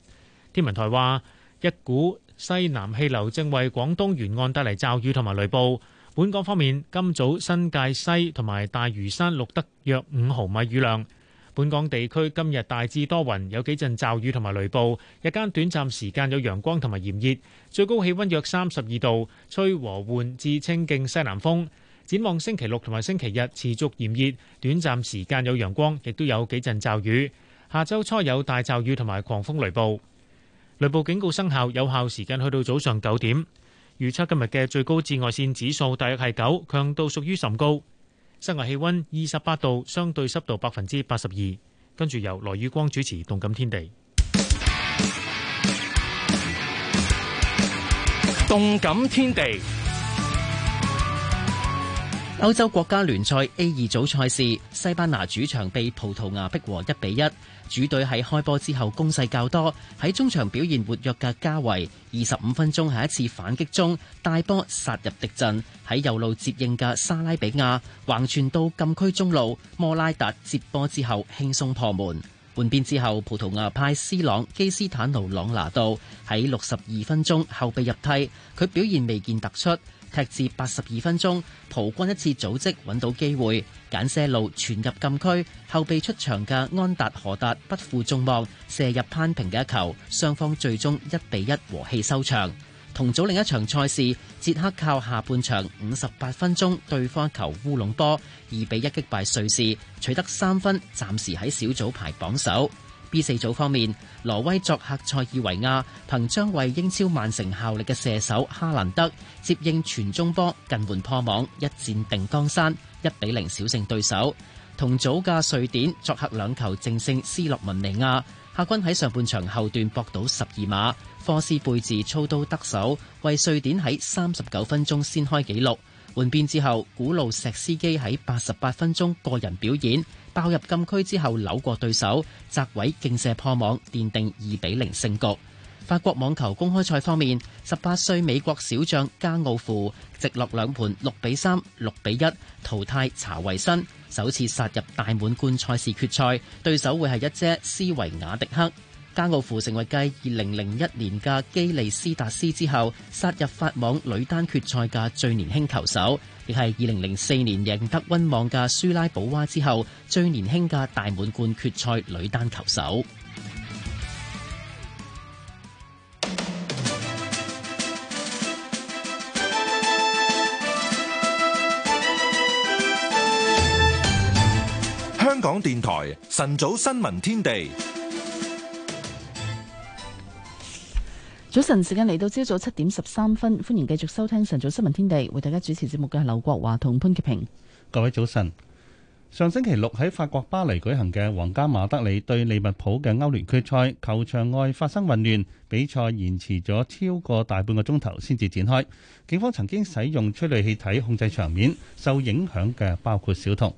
天文台話一股。西南氣流正為廣東沿岸帶嚟驟雨同埋雷暴。本港方面，今早新界西同埋大嶼山錄得約五毫米雨量。本港地區今日大致多雲，有幾陣驟雨同埋雷暴，日間短暫時間有陽光同埋炎熱，最高氣溫約三十二度，吹和緩至清勁西南風。展望星期六同埋星期日持續炎熱，短暫時間有陽光，亦都有幾陣驟雨。下周初有大驟雨同埋狂風雷暴。雷暴警告生效，有效時間去到早上九點。預測今日嘅最高紫外線指數大約係九，強度屬於甚高。室外氣溫二十八度，相對濕度百分之八十二。跟住由羅宇光主持《動感天地》。《動感天地》歐洲國家聯賽 A 二組賽事，西班牙主場被葡萄牙逼和一比一。主隊喺開波之後攻勢較多，喺中場表現活躍嘅加維，二十五分鐘喺一次反擊中帶波殺入敵陣，喺右路接應嘅沙拉比亞橫傳到禁區中路，莫拉達接波之後輕鬆破門。換邊之後，葡萄牙派斯朗基斯坦奴朗拿度喺六十二分鐘後備入替，佢表現未見突出。踢至八十二分鐘，葡軍一次組織揾到機會，簡些路傳入禁區，後備出場嘅安達荷達不負眾望，射入扳平嘅一球，雙方最終一比一和氣收場。同組另一場賽事，捷克靠下半場五十八分鐘對方球烏龍波二比一擊敗瑞士，取得三分，暫時喺小組排榜首。B 四組方面，挪威作客塞爾維亞，憑張為英超曼城效力嘅射手哈蘭德接應全中波近門破網，一戰定江山，一比零小勝對手。同組嘅瑞典作客兩球淨勝斯洛文尼亞，客軍喺上半場後段搏到十二碼，科斯貝治操刀得手，為瑞典喺三十九分鐘先開紀錄。換邊之後，古露石斯基喺八十八分鐘個人表演，爆入禁區之後扭過對手，側位勁射破網，奠定二比零勝局。法國網球公開賽方面，十八歲美國小將加奧芙直落兩盤六比三、六比一淘汰查維新，首次殺入大滿貫賽事決賽，對手會係一姐斯維亞迪克。加奧夫成為繼二零零一年嘅基利斯達斯之後殺入法網女單決賽嘅最年輕球手，亦係二零零四年贏得溫網嘅舒拉保娃之後最年輕嘅大滿貫決賽女單球手。香港電台晨早新聞天地。早晨，時間嚟到朝早七點十三分，歡迎繼續收聽晨早新聞天地，為大家主持節目嘅係劉國華同潘潔平。各位早晨。上星期六喺法國巴黎舉行嘅皇家馬德里對利物浦嘅歐聯決賽，球場外發生混亂，比賽延遲咗超過大半個鐘頭先至展開。警方曾經使用催淚氣體控制場面，受影響嘅包括小童。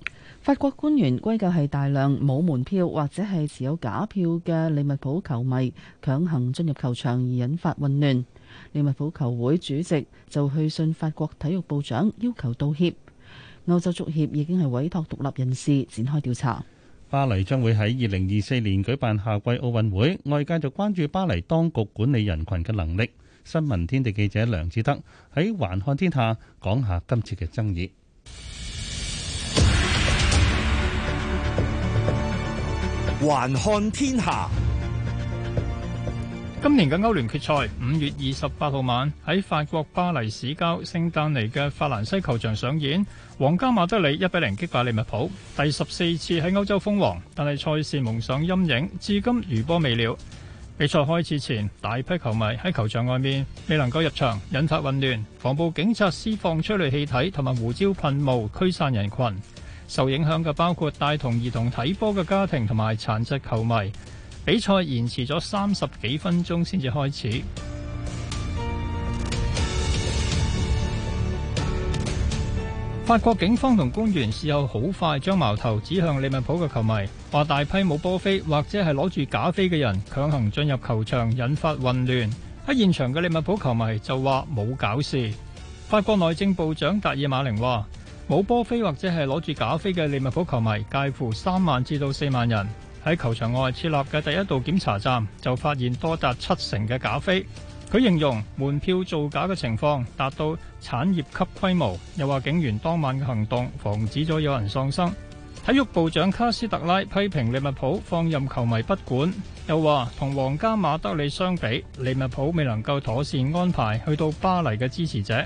法國官員歸咎係大量冇門票或者係持有假票嘅利物浦球迷強行進入球場而引發混亂。利物浦球會主席就去信法國體育部長要求道歉。歐洲足協已經係委託獨立人士展開調查。巴黎將會喺二零二四年舉辦夏季奧運會，外界就關注巴黎當局管理人群嘅能力。新聞天地記者梁志德喺環看天下講下今次嘅爭議。還看天下。今年嘅歐聯決賽，五月二十八號晚，喺法國巴黎市郊聖但尼嘅法蘭西球場上演。皇家馬德里一比零擊敗利物浦，第十四次喺歐洲封王，但係賽事蒙上陰影，至今餘波未了。比賽開始前，大批球迷喺球場外面，未能夠入場，引發混亂，防暴警察施放催淚氣體同埋胡椒噴霧驅散人群。受影響嘅包括帶同兒童睇波嘅家庭同埋殘疾球迷，比賽延遲咗三十幾分鐘先至開始。 [MUSIC] 法國警方同官員事後好快將矛頭指向利物浦嘅球迷，話大批冇波飛或者係攞住假飛嘅人強行進入球場，引發混亂。喺現場嘅利物浦球迷就話冇搞事。法國內政部長達爾馬寧話。冇波飛或者係攞住假飛嘅利物浦球迷介乎三萬至到四萬人，喺球場外設立嘅第一道檢查站就發現多達七成嘅假飛，佢形容門票造假嘅情況達到產業級規模，又話警員當晚嘅行動防止咗有人喪生。體育部長卡斯特拉批評利物浦放任球迷不管，又話同皇家馬德里相比，利物浦未能夠妥善安排去到巴黎嘅支持者。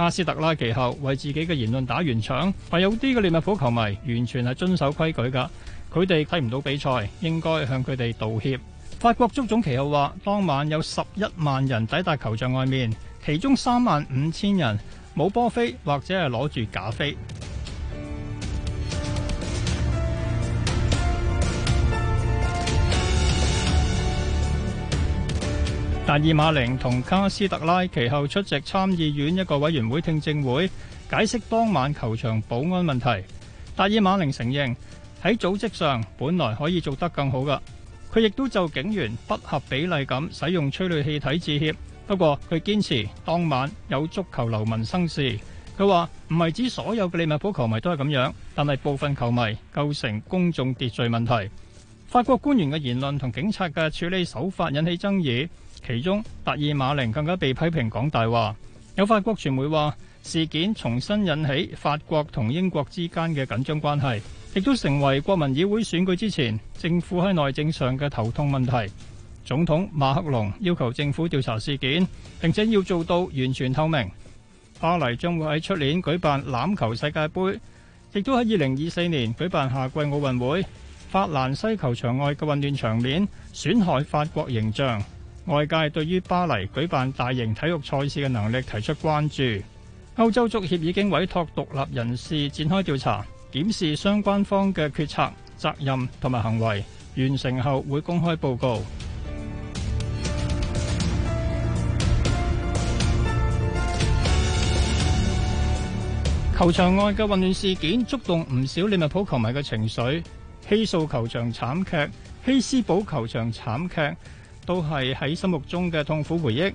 阿斯特拉其後為自己嘅言論打圓場，但有啲嘅利物浦球迷完全係遵守規矩噶，佢哋睇唔到比賽，應該向佢哋道歉。法國足總其後話，當晚有十一萬人抵達球場外面，其中三萬五千人冇波飛或者係攞住假飛。達爾馬寧同卡斯特拉其後出席參議院一個委員會聽證會，解釋當晚球場保安問題。達爾馬寧承認喺組織上本來可以做得更好噶。佢亦都就警員不合比例咁使用催淚氣體致歉，不過佢堅持當晚有足球流氓生事。佢話唔係指所有嘅利物浦球迷都係咁樣，但係部分球迷構成公眾秩序問題。法國官員嘅言論同警察嘅處理手法引起爭議。其中，達爾馬寧更加被批評講大話。有法國傳媒話，事件重新引起法國同英國之間嘅緊張關係，亦都成為國民議會選舉之前政府喺內政上嘅頭痛問題。總統馬克龍要求政府調查事件，並且要做到完全透明。巴黎將會喺出年舉辦欖球世界盃，亦都喺二零二四年舉辦夏季奧運會。法蘭西球場外嘅混亂場面損害法國形象。外界對於巴黎舉辦大型體育賽事嘅能力提出關注。歐洲足協已經委託獨立人士展開調查，檢視相關方嘅決策、責任同埋行為。完成後會公開報告。 [MUSIC] 球場外嘅混亂事件觸動唔少利物浦球迷嘅情緒。希素球場慘劇、希斯堡球場慘劇。都係喺心目中嘅痛苦回憶。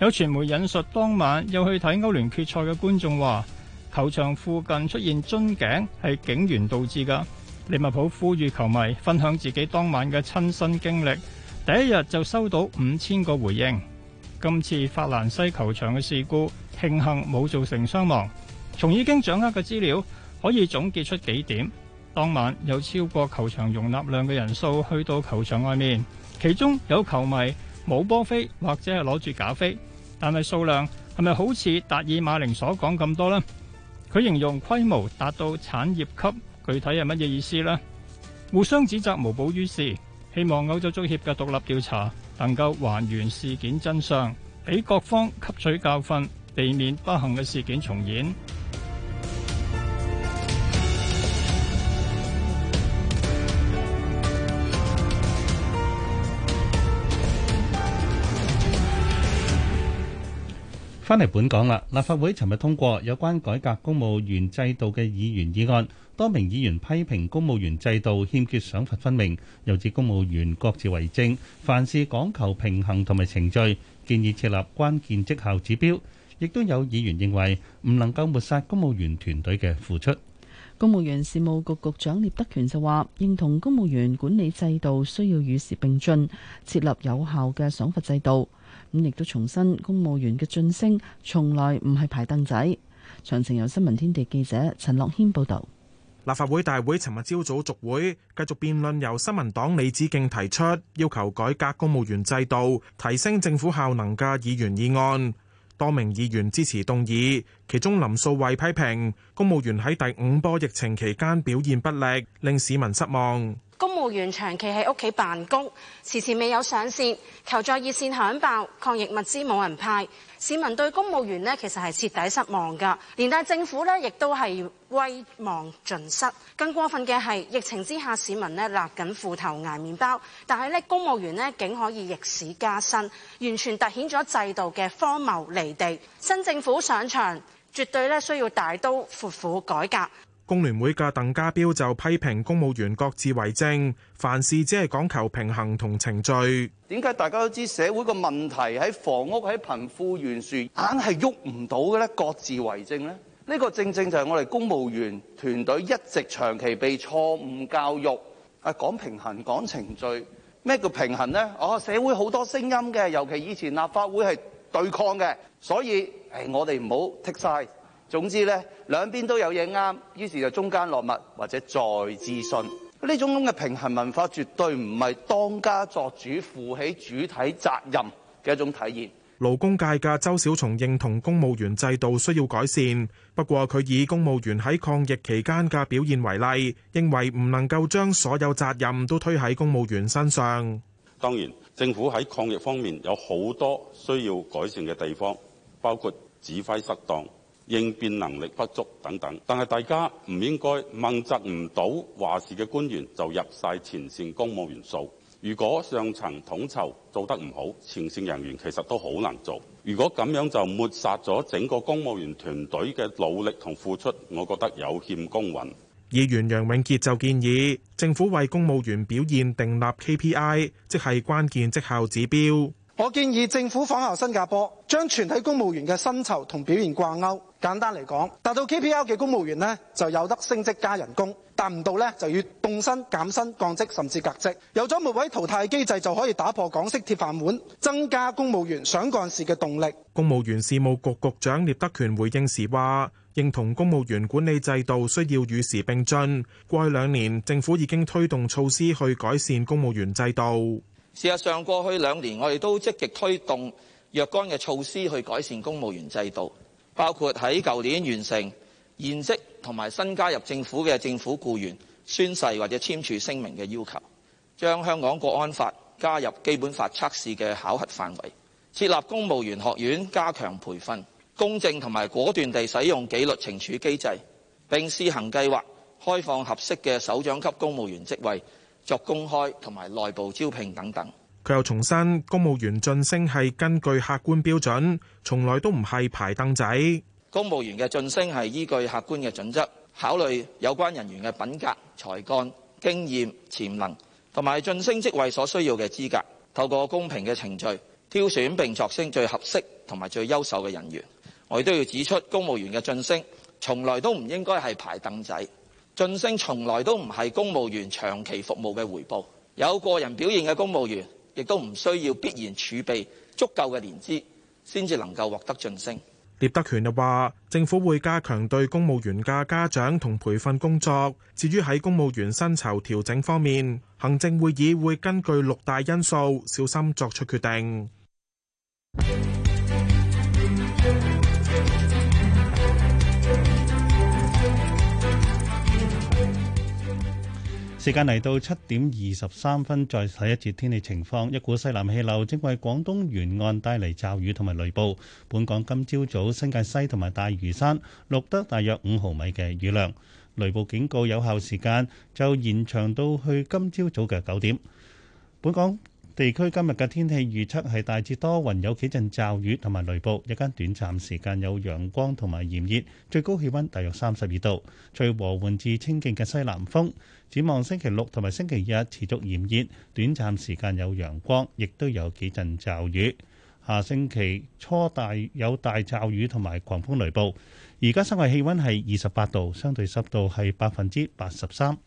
有傳媒引述當晚又去睇歐聯決賽嘅觀眾話，球場附近出現樽頸係警員導致噶利物浦呼籲球迷分享自己當晚嘅親身經歷，第一日就收到五千個回應。今次法蘭西球場嘅事故慶幸冇造成傷亡。從已經掌握嘅資料可以總結出幾點：當晚有超過球場容納量嘅人數去到球場外面。其中有球迷冇波飛或者係攞住假飛，但係數量係咪好似達爾馬寧所講咁多咧？佢形容規模達到產業級，具體係乜嘢意思咧？互相指責無補於事，希望歐洲足協嘅獨立調查能夠還原事件真相，俾各方吸取教訓，避免不幸嘅事件重演。翻嚟本港啦！立法會尋日通過有關改革公務員制度嘅議員議案，多名議員批評公務員制度欠缺賞罰分明，又指公務員各自為政，凡事講求平衡同埋程序，建議設立關鍵績效指標。亦都有議員認為唔能夠抹殺公務員團隊嘅付出。公務員事務局局長聶德權就話，認同公務員管理制度需要與時並進，設立有效嘅賞罰制度。咁亦都重申，公務員嘅晉升從來唔係排凳仔。詳情由新聞天地記者陳樂軒報導。立法會大會尋日朝早續會，繼續辯論由新民黨李梓敬提出要求改革公務員制度、提升政府效能嘅議員議案。多名議員支持動議，其中林素慧批評公務員喺第五波疫情期間表現不力，令市民失望。公務員長期喺屋企辦公，遲遲未有上線，求助熱線響爆，抗疫物資冇人派，市民對公務員呢，其實係徹底失望㗎，連帶政府呢，亦都係威望盡失。更過分嘅係疫情之下，市民呢，勒緊褲頭捱麵包，但係呢，公務員呢，竟可以逆市加薪，完全凸顯咗制度嘅荒謬離地。新政府上場，絕對呢，需要大刀闊斧改革。工聯會嘅鄧家彪就批評公務員各自為政，凡事只係講求平衡同程序。點解大家都知社會個問題喺房屋喺貧富懸殊，硬係喐唔到嘅咧？各自為政咧？呢個正正就係我哋公務員團隊一直長期被錯誤教育，係、啊、講平衡、講程序。咩叫平衡咧？哦，社會好多聲音嘅，尤其以前立法會係對抗嘅，所以誒、哎，我哋唔好 take side。總之呢，兩邊都有嘢啱，於是就中間落墨或者再諮詢。呢種咁嘅平衡文化，絕對唔係當家作主、負起主體責任嘅一種體現。勞工界嘅周小松認同公務員制度需要改善，不過佢以公務員喺抗疫期間嘅表現為例，認為唔能夠將所有責任都推喺公務員身上。當然，政府喺抗疫方面有好多需要改善嘅地方，包括指揮失當。應變能力不足等等，但係大家唔應該問責唔到話事嘅官員就入晒前線公務員數。如果上層統籌做得唔好，前線人員其實都好難做。如果咁樣就抹殺咗整個公務員團隊嘅努力同付出，我覺得有欠公允。議員楊永傑就建議政府為公務員表現訂立 KPI，即係關鍵績效指標。我建議政府仿效新加坡，將全體公務員嘅薪酬同表現掛鈎。簡單嚟講，達到 KPL 嘅公務員呢就有得升職加人工，達唔到呢，就要凍薪減薪降職，甚至革職。有咗末位淘汰機制，就可以打破港式鐵飯碗，增加公務員想幹事嘅動力。公務員事務局局長聶德權回應時話，認同公務員管理制度需要與時並進。過去兩年政府已經推動措施去改善公務員制度。事實上，過去兩年我哋都積極推動若干嘅措施去改善公務員制度。包括喺舊年完成現職同埋新加入政府嘅政府僱員宣誓或者簽署聲明嘅要求，將香港國安法加入基本法測試嘅考核範圍，設立公務員學院加強培訓，公正同埋果斷地使用紀律懲處機制，並施行計劃開放合適嘅首長級公務員職位作公開同埋內部招聘等等。佢又重申，公務員晉升係根據客觀標準，從來都唔係排凳仔。公務員嘅晉升係依據客觀嘅準則考慮有關人員嘅品格、才幹、經驗潛能同埋晉升職位所需要嘅資格，透過公平嘅程序挑選並擢升最合適同埋最優秀嘅人員，我亦都要指出，公務員嘅晉升從來都唔應該係排凳仔，晉升從來都唔係公務員長期服務嘅回報有個人表現嘅公務員。亦都唔需要必然儲備足夠嘅年資先至能夠獲得晉升。聶德權又話政府會加強對公務員嘅家長同培訓工作。至於喺公務員薪酬調整方面，行政會議會根據六大因素小心作出決定。時間嚟到七點二十三分，再睇一節天氣情況。一股西南氣流正為廣東沿岸帶嚟驟雨同埋雷暴。本港今朝早，早，新界西同埋大嶼山錄得大約五毫米嘅雨量。雷暴警告有效時間就延長到去今朝早嘅九點。本港。地區今日嘅天氣預測係大致多雲，有幾陣驟雨同埋雷暴，一間短暫時間有陽光同埋炎熱，最高氣温大約三十二度，隨和緩至清勁嘅西南風。展望星期六同埋星期日持續炎熱，短暫時間有陽光，亦都有幾陣驟雨。下星期初大有大驟雨同埋狂風雷暴。而家室外氣温係二十八度，相對濕度係百分之八十三。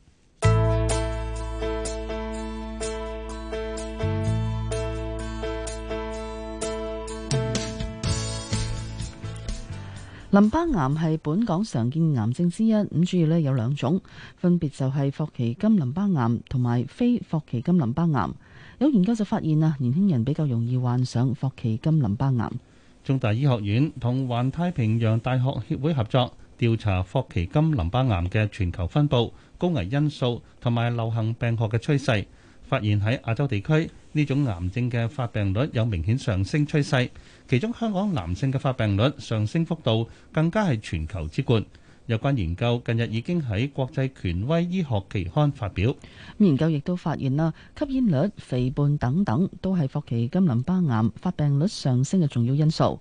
淋巴癌係本港常見嘅癌症之一，咁主要呢，有兩種，分別就係霍奇金淋巴癌同埋非霍奇金淋巴癌。有研究就發現啊，年輕人比較容易患上霍奇金淋巴癌。中大醫學院同環太平洋大學協會合作調查霍奇金淋巴癌嘅全球分布、高危因素同埋流行病學嘅趨勢，發現喺亞洲地區呢種癌症嘅發病率有明顯上升趨勢。其中香港男性嘅發病率上升幅度更加係全球之冠。有關研究近日已經喺國際權威醫學期刊發表。研究亦都發現啦，吸煙率、肥胖等等都係霍奇金淋巴癌發病率上升嘅重要因素。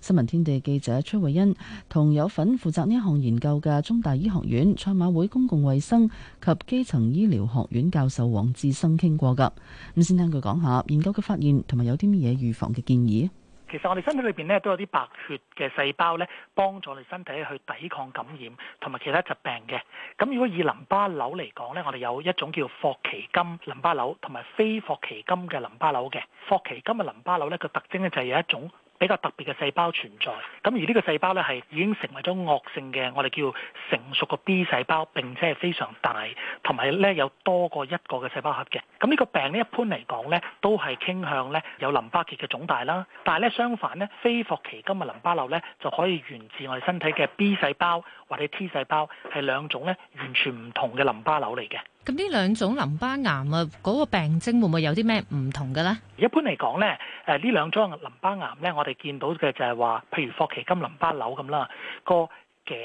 新聞天地記者崔慧欣同有份負責呢一項研究嘅中大醫學院賽馬會公共衛生及基層醫療學院教授黃至生傾過噶。咁先聽佢講下研究嘅發現，同埋有啲乜嘢預防嘅建議。其實我哋身體裏邊咧都有啲白血嘅細胞咧，幫助我哋身體去抵抗感染同埋其他疾病嘅。咁如果以淋巴瘤嚟講咧，我哋有一種叫霍奇金淋巴瘤同埋非霍奇金嘅淋巴瘤嘅。霍奇金嘅淋巴瘤咧個特徵咧就係有一種比較特別嘅細胞存在，咁而呢個細胞呢，係已經成為咗惡性嘅，我哋叫成熟嘅 B 細胞，並且係非常大，同埋呢有多過一個嘅細胞核嘅。咁呢個病呢，一般嚟講呢，都係傾向呢有淋巴結嘅腫大啦，但係呢，相反呢，非霍奇金嘅淋巴瘤呢，就可以源自我哋身體嘅 B 細胞或者 T 細胞，係兩種呢完全唔同嘅淋巴瘤嚟嘅。咁呢兩種淋巴癌啊，嗰個病徵會唔會有啲咩唔同嘅咧？一般嚟講咧，誒呢兩種淋巴癌咧，我哋見到嘅就係話，譬如霍奇金淋巴瘤咁啦，個頸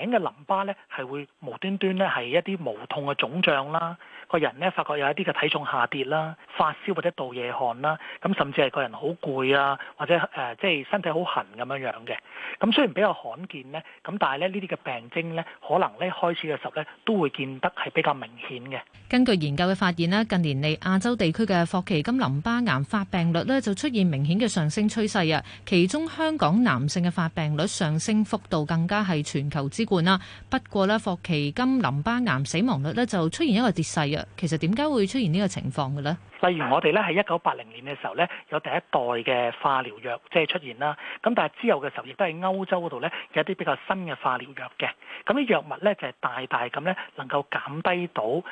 嘅淋巴咧係會無端端咧係一啲無痛嘅腫脹啦。個人咧，發覺有一啲嘅體重下跌啦，發燒或者盜夜汗啦，咁甚至係個人好攰啊，或者誒即係身體好痕咁樣樣嘅。咁雖然比較罕見呢，咁但係咧呢啲嘅病徵呢，可能呢開始嘅時候呢，都會見得係比較明顯嘅。根據研究嘅發現呢，近年嚟亞洲地區嘅霍奇金淋巴癌發病率呢，就出現明顯嘅上升趨勢啊。其中香港男性嘅發病率上升幅度更加係全球之冠啦。不過呢，霍奇金淋巴癌死亡率呢，就出現一個跌勢啊。其實點解會出現呢個情況嘅咧？例如我哋咧喺一九八零年嘅時候咧，有第一代嘅化療藥即係出現啦。咁但係之後嘅時候，亦都係歐洲嗰度咧有一啲比較新嘅化療藥嘅。咁啲藥物咧就係大大咁咧，能夠減低到誒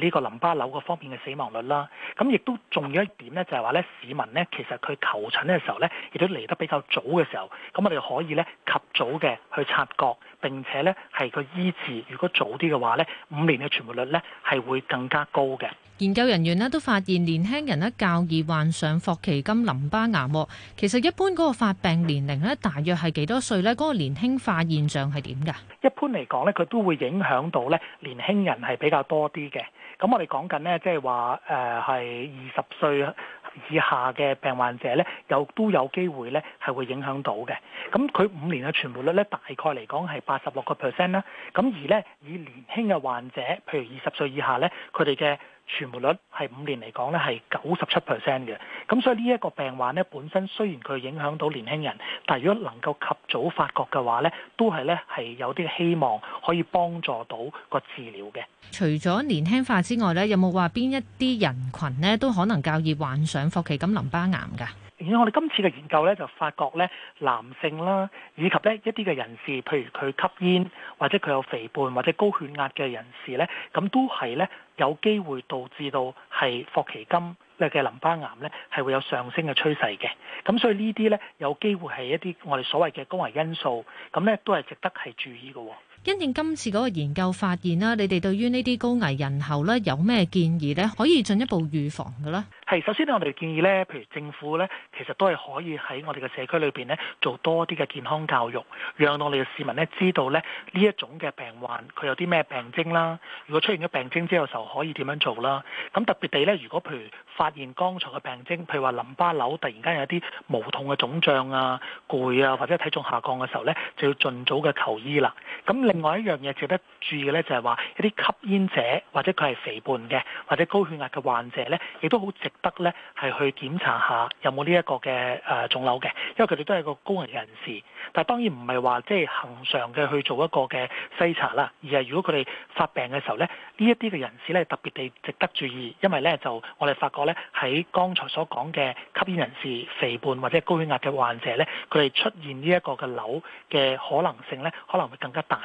呢個淋巴瘤嗰方面嘅死亡率啦。咁亦都重要一點咧，就係話咧市民咧其實佢求診嘅時候咧，亦都嚟得比較早嘅時候，咁我哋可以咧及早嘅去察覺。並且咧係個醫治，如果早啲嘅話咧，五年嘅存活率咧係會更加高嘅。研究人員咧都發現年輕人咧較易患上霍奇金淋巴癌。其實一般嗰個發病年齡呢，大約係幾多歲呢？嗰個年輕化現象係點㗎？一般嚟講呢，佢都會影響到咧年輕人係比較多啲嘅。咁我哋講緊呢，即係話誒係二十歲，以下嘅病患者咧，有都有機會咧，係會影響到嘅。咁佢五年嘅存活率咧，大概嚟講係八十六個 percent 啦。咁、啊、而咧，以年輕嘅患者，譬如二十歲以下咧，佢哋嘅。存活率係五年嚟講咧係九十七 percent 嘅，咁所以呢一個病患咧，本身雖然佢影響到年輕人，但係如果能夠及早發覺嘅話咧，都係咧係有啲希望可以幫助到個治療嘅。除咗年輕化之外咧，有冇話邊一啲人群咧都可能較易患上霍奇金淋巴癌㗎？然後我哋今次嘅研究咧，就發覺咧，男性啦，以及咧一啲嘅人士，譬如佢吸煙或者佢有肥胖或者高血壓嘅人士咧，咁都係咧有機會導致到係霍奇金嘅淋巴癌咧，係會有上升嘅趨勢嘅。咁所以呢啲咧有機會係一啲我哋所謂嘅高危因素，咁咧都係值得係注意嘅、哦。因應今次嗰個研究發現啦，你哋對於呢啲高危人羣咧有咩建議咧？可以進一步預防嘅咧？係首先呢，我哋建議咧，譬如政府咧，其實都係可以喺我哋嘅社區裏邊咧做多啲嘅健康教育，讓到我哋嘅市民咧知道咧呢一種嘅病患佢有啲咩病徵啦。如果出現咗病徵之後嘅時候，可以點樣做啦？咁特別地咧，如果譬如發現剛才嘅病徵，譬如話淋巴瘤突然間有啲無痛嘅腫脹啊、攰啊，或者體重下降嘅時候咧，就要儘早嘅求醫啦。咁另外一樣嘢值得注意嘅咧，就係話一啲吸煙者或者佢係肥胖嘅或者高血壓嘅患者咧，亦都好值得咧係去檢查下有冇呢一個嘅誒腫瘤嘅，因為佢哋都係個高危人士。但係當然唔係話即係恒常嘅去做一個嘅篩查啦，而係如果佢哋發病嘅時候咧，呢一啲嘅人士咧特別地值得注意，因為咧就我哋發覺咧喺剛才所講嘅吸煙人士、肥胖或者高血壓嘅患者咧，佢哋出現呢一個嘅瘤嘅可能性咧，可能會更加大。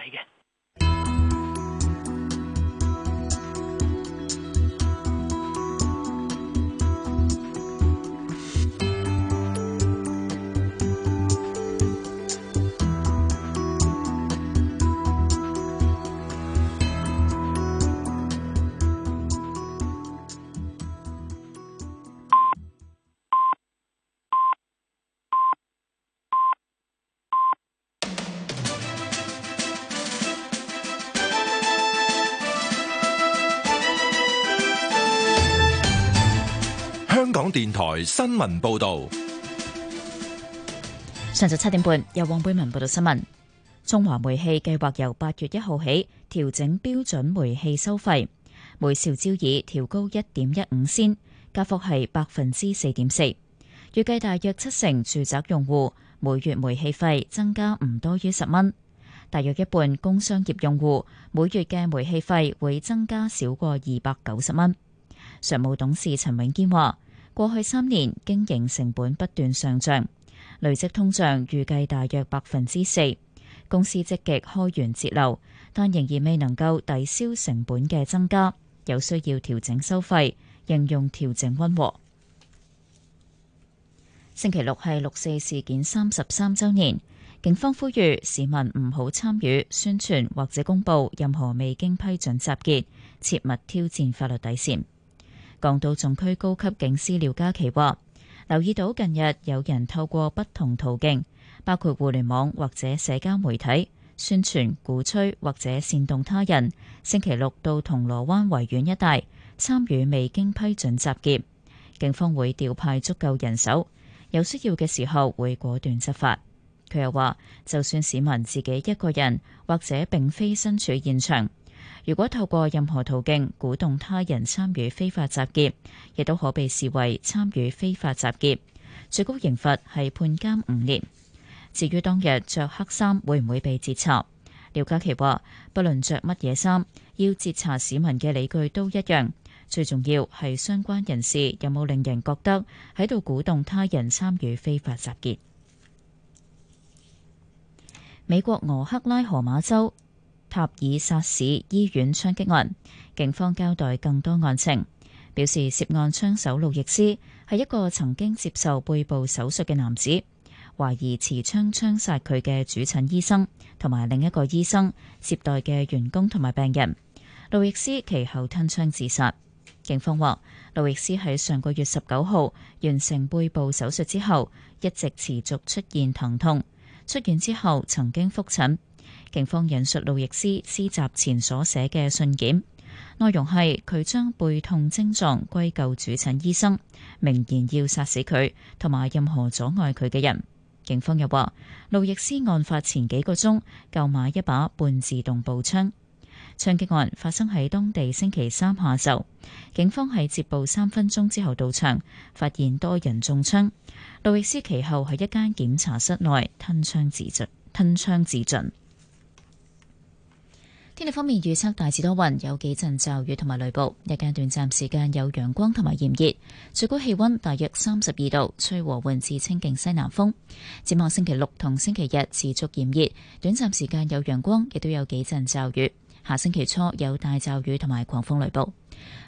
電台新聞報道，上晝七點半由黃貝文報道新聞。中華煤氣計劃由八月一號起調整標準煤氣收費，每兆焦耳調高一點一五仙，加幅係百分之四點四。預計大約七成住宅用戶每月煤氣費增加唔多於十蚊，大約一半工商業用戶每月嘅煤氣費會增加少過二百九十蚊。常務董事陳永堅話。過去三年經營成本不斷上漲，累積通脹預計大約百分之四。公司積極開源節流，但仍然未能夠抵消成本嘅增加，有需要調整收費，應用調整温和。星期六係六四事件三十三周年，警方呼籲市民唔好參與宣傳或者公布任何未經批准集結，切勿挑戰法律底線。港島總區高級警司廖家琪話：留意到近日有人透過不同途徑，包括互聯網或者社交媒體宣傳、鼓吹或者煽動他人，星期六到銅鑼灣維園一帶參與未經批准集結，警方會調派足夠人手，有需要嘅時候會果斷執法。佢又話：就算市民自己一個人或者並非身處現場。如果透過任何途徑鼓動他人參與非法集結，亦都可被視為參與非法集結，最高刑罰係判監五年。至於當日着黑衫會唔會被截查，廖家琪話，不論着乜嘢衫，要截查市民嘅理據都一樣，最重要係相關人士有冇令人覺得喺度鼓動他人參與非法集結。美國俄克拉荷馬州，塔爾薩市醫院槍擊案，警方交代更多案情，表示涉案槍手路易斯係一個曾經接受背部手術嘅男子，懷疑持槍槍殺佢嘅主診醫生同埋另一個醫生，接待嘅員工同埋病人。路易斯其後吞槍自殺。警方話，路易斯喺上個月十九號完成背部手術之後，一直持續出現疼痛，出院之後曾經復診。警方引述路易斯施襲前所寫嘅信件，內容係佢將背痛症狀歸咎主診醫生，明言要殺死佢同埋任何阻礙佢嘅人。警方又話，路易斯案發前幾個鐘購買一把半自動步槍。槍擊案發生喺當地星期三下晝，警方喺接報三分鐘之後到場，發現多人中槍。路易斯其後喺一間檢查室內吞槍自盡，吞槍自盡。天氣方面預測大致多雲，有幾陣驟雨同埋雷暴。日間短暫時間有陽光同埋炎熱，最高氣溫大約三十二度，吹和緩至清勁西南風。展望星期六同星期日持續炎熱，短暫時間有陽光，亦都有幾陣驟雨。下星期初有大驟雨同埋狂風雷暴，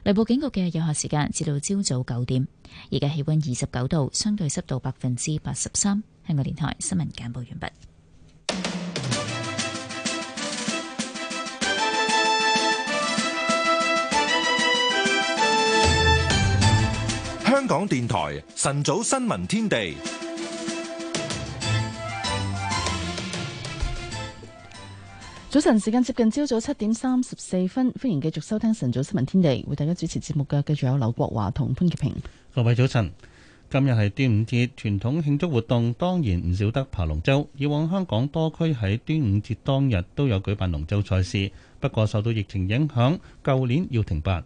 雷暴警告嘅有效時間至到朝早九點。而家氣溫二十九度，相對濕度百分之八十三。香港電台新聞簡報完畢。香港電台晨早新聞天地，早晨時間接近朝早七點三十四分，歡迎繼續收聽晨早新聞天地，為大家主持節目嘅繼續有劉國華同潘潔平。各位早晨，今日係端午節，傳統慶祝活動當然唔少得爬龍舟。以往香港多區喺端午節當日都有舉辦龍舟賽事，不過受到疫情影響，舊年要停辦。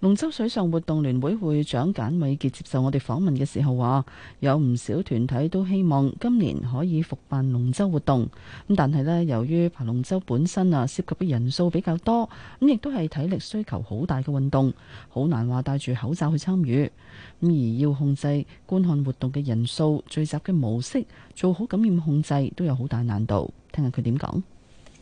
龍舟水上活動聯會會長簡偉傑接受我哋訪問嘅時候話，有唔少團體都希望今年可以復辦龍舟活動，咁但係呢，由於爬龍舟本身啊涉及嘅人數比較多，咁亦都係體力需求好大嘅運動，好難話戴住口罩去參與，咁而要控制觀看活動嘅人數，聚集嘅模式，做好感染控制都有好大難度。聽下佢點講。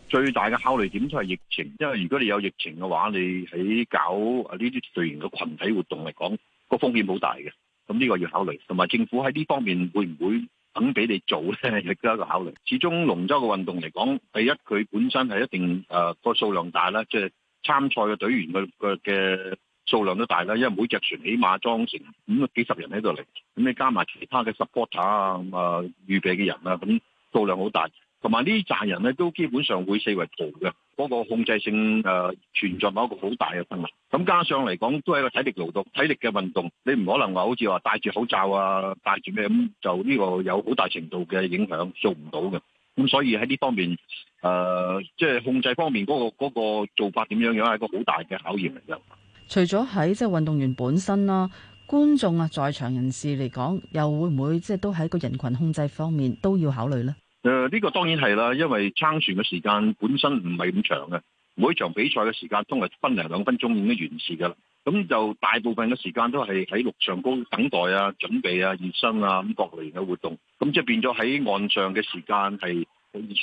最大嘅考慮點都係疫情，因為如果你有疫情嘅話，你喺搞啊呢啲隊員嘅群體活動嚟講，個風險好大嘅。咁呢個要考慮，同埋政府喺呢方面會唔會肯俾你做咧，亦都係一個考慮。始終龍舟嘅運動嚟講，第一佢本身係一定誒個、呃、數量大啦，即係參賽嘅隊員嘅嘅嘅數量都大啦，因為每隻船起碼裝成五十幾十人喺度嚟，咁你加埋其他嘅 supporter 啊、呃，咁啊預備嘅人啊，咁數量好大。同埋呢，站人咧都基本上會四圍逃嘅，嗰、那個控制性誒、呃、存在某一個好大嘅困難。咁加上嚟講，都係個體力勞動、體力嘅運動，你唔可能話好似話戴住口罩啊、戴住咩咁，就呢個有好大程度嘅影響，做唔到嘅。咁、嗯、所以喺呢方面誒，即、呃、係、就是、控制方面嗰、那個嗰、那個做法點樣樣，係一個好大嘅考驗嚟。噶除咗喺即係運動員本身啦、啊，觀眾啊，在場人士嚟講，又會唔會即係、就是、都喺個人群控制方面都要考慮呢？誒，呢、呃，這個當然係啦，因為撐船嘅時間本身唔係咁長嘅，每場比賽嘅時間通常分零兩,兩分鐘已經完事噶啦，咁就大部分嘅時間都係喺陸上高等待啊、準備啊、熱身啊咁各樣嘅活動，咁即係變咗喺岸上嘅時間係。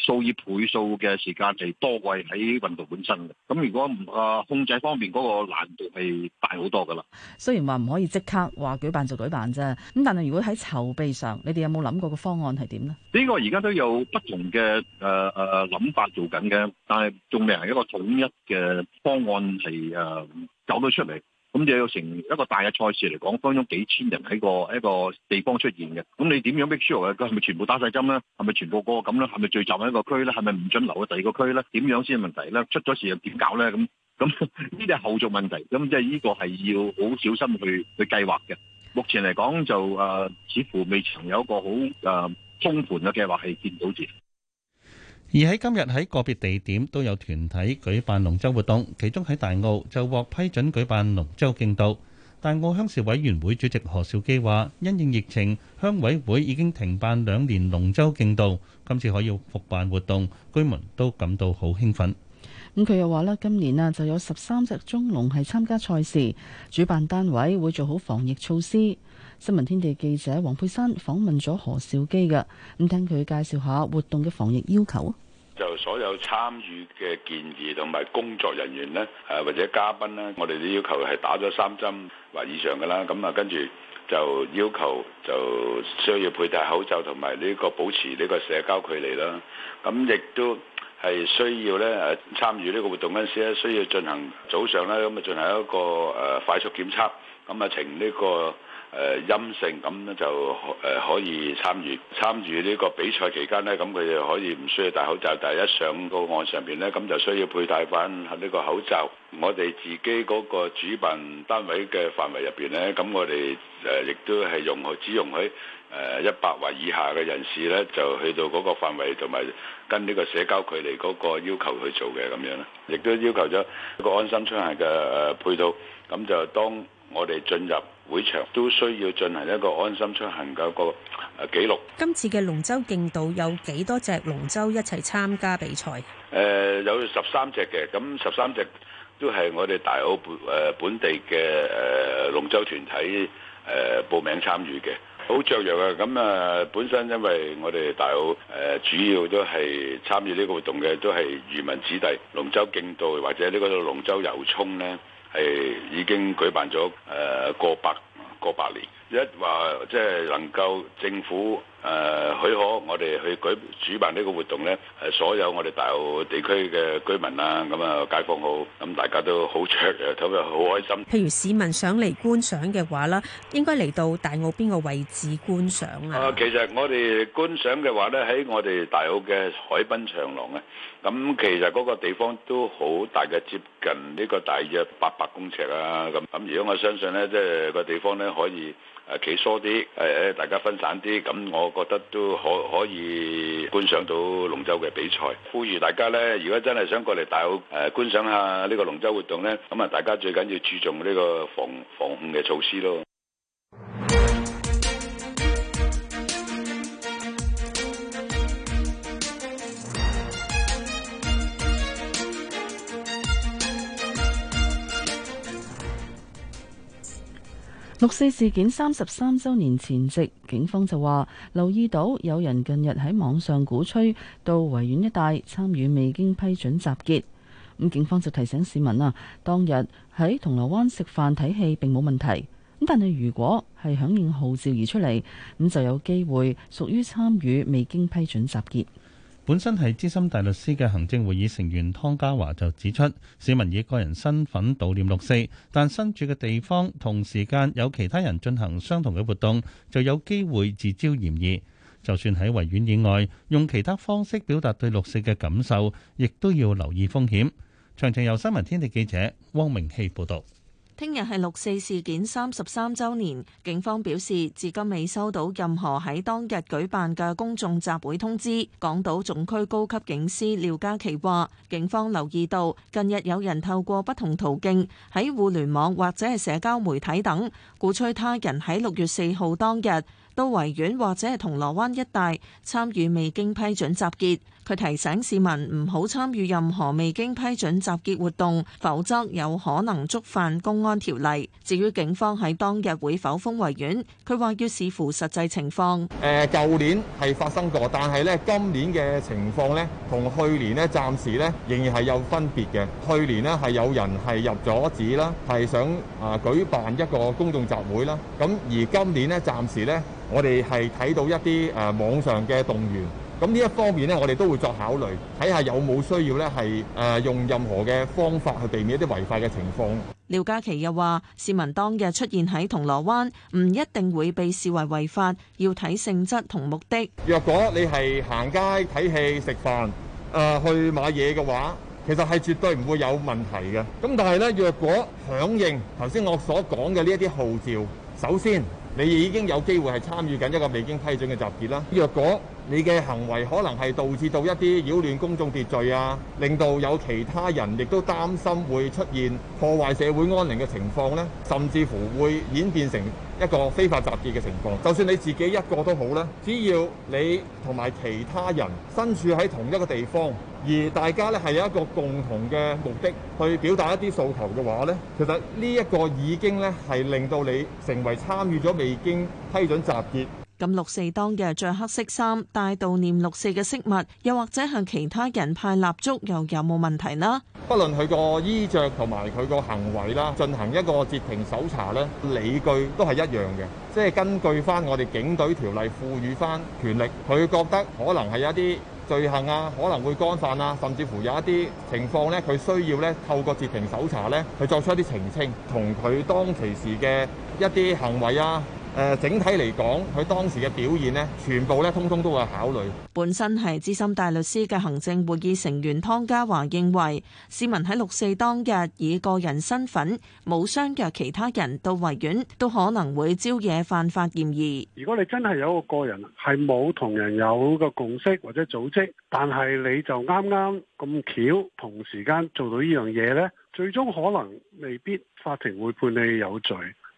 數以倍數嘅時間係多過喺運動本身嘅，咁如果唔啊控制方面嗰個難度係大好多噶啦。雖然話唔可以即刻話舉辦就舉辦啫，咁但係如果喺籌備上，你哋有冇諗過個方案係點呢？呢個而家都有不同嘅誒誒諗法做緊嘅，但係仲未係一個統一嘅方案係誒走得出嚟。咁就要成一個大嘅賽事嚟講，當中幾千人喺個一個地方出現嘅，咁你點樣 make sure 佢係咪全部打晒針咧？係咪全部過咁咧？係咪聚集喺一個區咧？係咪唔準留喺第二個區咧？點樣先係問題咧？出咗事又點搞咧？咁咁呢啲係後續問題，咁即係呢個係要好小心去去計劃嘅。目前嚟講就誒、呃，似乎未曾有一個好誒、呃、充分嘅計劃係見到字。而喺今日喺個別地點都有團體舉辦龍舟活動，其中喺大澳就獲批准舉辦龍舟競渡。大澳鄉事委員會主席何兆基話因應疫情，鄉委會已經停辦兩年龍舟競渡，今次可以復辦活動，居民都感到好興奮，咁佢又話啦，今年啊就有十三隻中龍係參加賽事，主辦單位會做好防疫措施。新聞天地記者黃佩珊訪問咗何兆基嘅，咁聽佢介紹下活動嘅防疫要求。就所有參與嘅建議同埋工作人員咧，誒或者嘉賓咧，我哋都要求係打咗三針或以上㗎啦。咁啊，跟住就要求就需要佩戴口罩同埋呢個保持呢個社交距離啦。咁亦都係需要咧誒參與呢個活動嗰陣時咧，需要進行早上咧咁啊進行一個誒快速檢測，咁啊請呢個。誒陰性咁咧就誒可以參與參與呢個比賽期間咧，咁佢哋可以唔需要戴口罩，但係一上到岸上邊咧，咁就需要佩戴翻呢個口罩。我哋自己嗰個主辦單位嘅範圍入邊咧，咁我哋誒亦都係容許只容許誒一百位以下嘅人士咧，就去到嗰個範圍同埋跟呢個社交距離嗰個要求去做嘅咁樣啦。亦都要求咗一個安心出行嘅配套，咁就當我哋進入。會場都需要進行一個安心出行嘅個誒記錄。今次嘅龍舟競渡有幾多隻龍舟一齊參加比賽？誒、呃、有十三隻嘅，咁十三隻都係我哋大澳本誒、呃、本地嘅誒龍舟團體誒、呃、報名參與嘅，好雀躍啊！咁啊，本身因為我哋大澳誒主要都係參與呢個活動嘅，都係漁民子弟龍舟競渡或者個呢個龍舟遊涌咧。係已經舉辦咗誒過百過百年，一話即係能夠政府誒許可我哋去舉主辦呢個活動咧，係所有我哋大澳地區嘅居民啊，咁啊街坊好，咁大家都好雀，咁又好開心。譬如市民想嚟觀賞嘅話啦，應該嚟到大澳邊個位置觀賞啊？啊，其實我哋觀賞嘅話咧，喺我哋大澳嘅海濱長廊啊。咁其實嗰個地方都好大嘅，接近呢個大約八百公尺啊！咁咁，如果我相信呢，即係個地方呢可以誒企疏啲，誒誒大家分散啲，咁我覺得都可可以觀賞到龍舟嘅比賽。呼籲大家呢，如果真係想過嚟大澳誒觀賞下呢個龍舟活動呢，咁啊大家最緊要注重呢個防防控嘅措施咯。六四事件三十三周年前夕，警方就話留意到有人近日喺網上鼓吹到維園一帶參與未經批准集結，咁警方就提醒市民啊，當日喺銅鑼灣食飯睇戲並冇問題，咁但係如果係響應號召而出嚟，咁就有機會屬於參與未經批准集結。本身係資深大律師嘅行政會議成員湯家驊就指出，市民以個人身份悼念六四，但身處嘅地方同時間有其他人進行相同嘅活動，就有機會自招嫌疑。就算喺維園以外，用其他方式表達對六四嘅感受，亦都要留意風險。詳情由新聞天地記者汪明熙報導。聽日係六四事件三十三週年，警方表示至今未收到任何喺當日舉辦嘅公眾集會通知。港島總區高級警司廖家琪話，警方留意到近日有人透過不同途徑喺互聯網或者係社交媒體等鼓吹他人喺六月四號當日到維園或者係銅鑼灣一帶參與未經批准集結。佢提醒市民唔好參與任何未經批准集結活動，否則有可能觸犯公安條例。至於警方喺當日會否封圍園，佢話要視乎實際情況。誒，舊年係發生過，但係咧今年嘅情況咧，同去年咧暫時咧仍然係有分別嘅。去年咧係有人係入咗紙啦，係想啊舉辦一個公眾集會啦。咁而今年咧暫時咧，我哋係睇到一啲誒網上嘅動員。咁呢一方面呢，我哋都會作考慮，睇下有冇需要呢，係誒用任何嘅方法去避免一啲違法嘅情況。廖家琪又話，市民當日出現喺銅鑼灣，唔一定會被視為違法，要睇性質同目的。若果你係行街睇戲食飯誒去買嘢嘅話，其實係絕對唔會有問題嘅。咁但係呢，若果響應頭先我所講嘅呢一啲號召，首先你已經有機會係參與緊一個未經批准嘅集結啦。若果你嘅行為可能係導致到一啲擾亂公眾秩序啊，令到有其他人亦都擔心會出現破壞社會安寧嘅情況呢，甚至乎會演變成一個非法集結嘅情況。就算你自己一個都好啦，只要你同埋其他人身處喺同一個地方，而大家咧係有一個共同嘅目的去表達一啲訴求嘅話呢，其實呢一個已經咧係令到你成為參與咗未經批准集結。咁六四當日着黑色衫、戴悼念六四嘅飾物，又或者向其他人派蠟燭，又有冇問題呢？不論佢個衣着同埋佢個行為啦，進行一個截停搜查咧，理據都係一樣嘅，即係根據翻我哋警隊條例賦予翻權力，佢覺得可能係一啲罪行啊，可能會干犯啊，甚至乎有一啲情況咧，佢需要咧透過截停搜查咧，去作出一啲澄清，同佢當其時嘅一啲行為啊。誒，整體嚟講，佢當時嘅表現呢，全部咧，通通都會考慮。本身係資深大律師嘅行政會議成員湯家驊認為，市民喺六四當日以個人身份冇相約其他人，到維園都可能會招惹犯法嫌疑。如果你真係有個個人係冇同人有個共識或者組織，但係你就啱啱咁巧同時間做到呢樣嘢呢，最終可能未必法庭會判你有罪。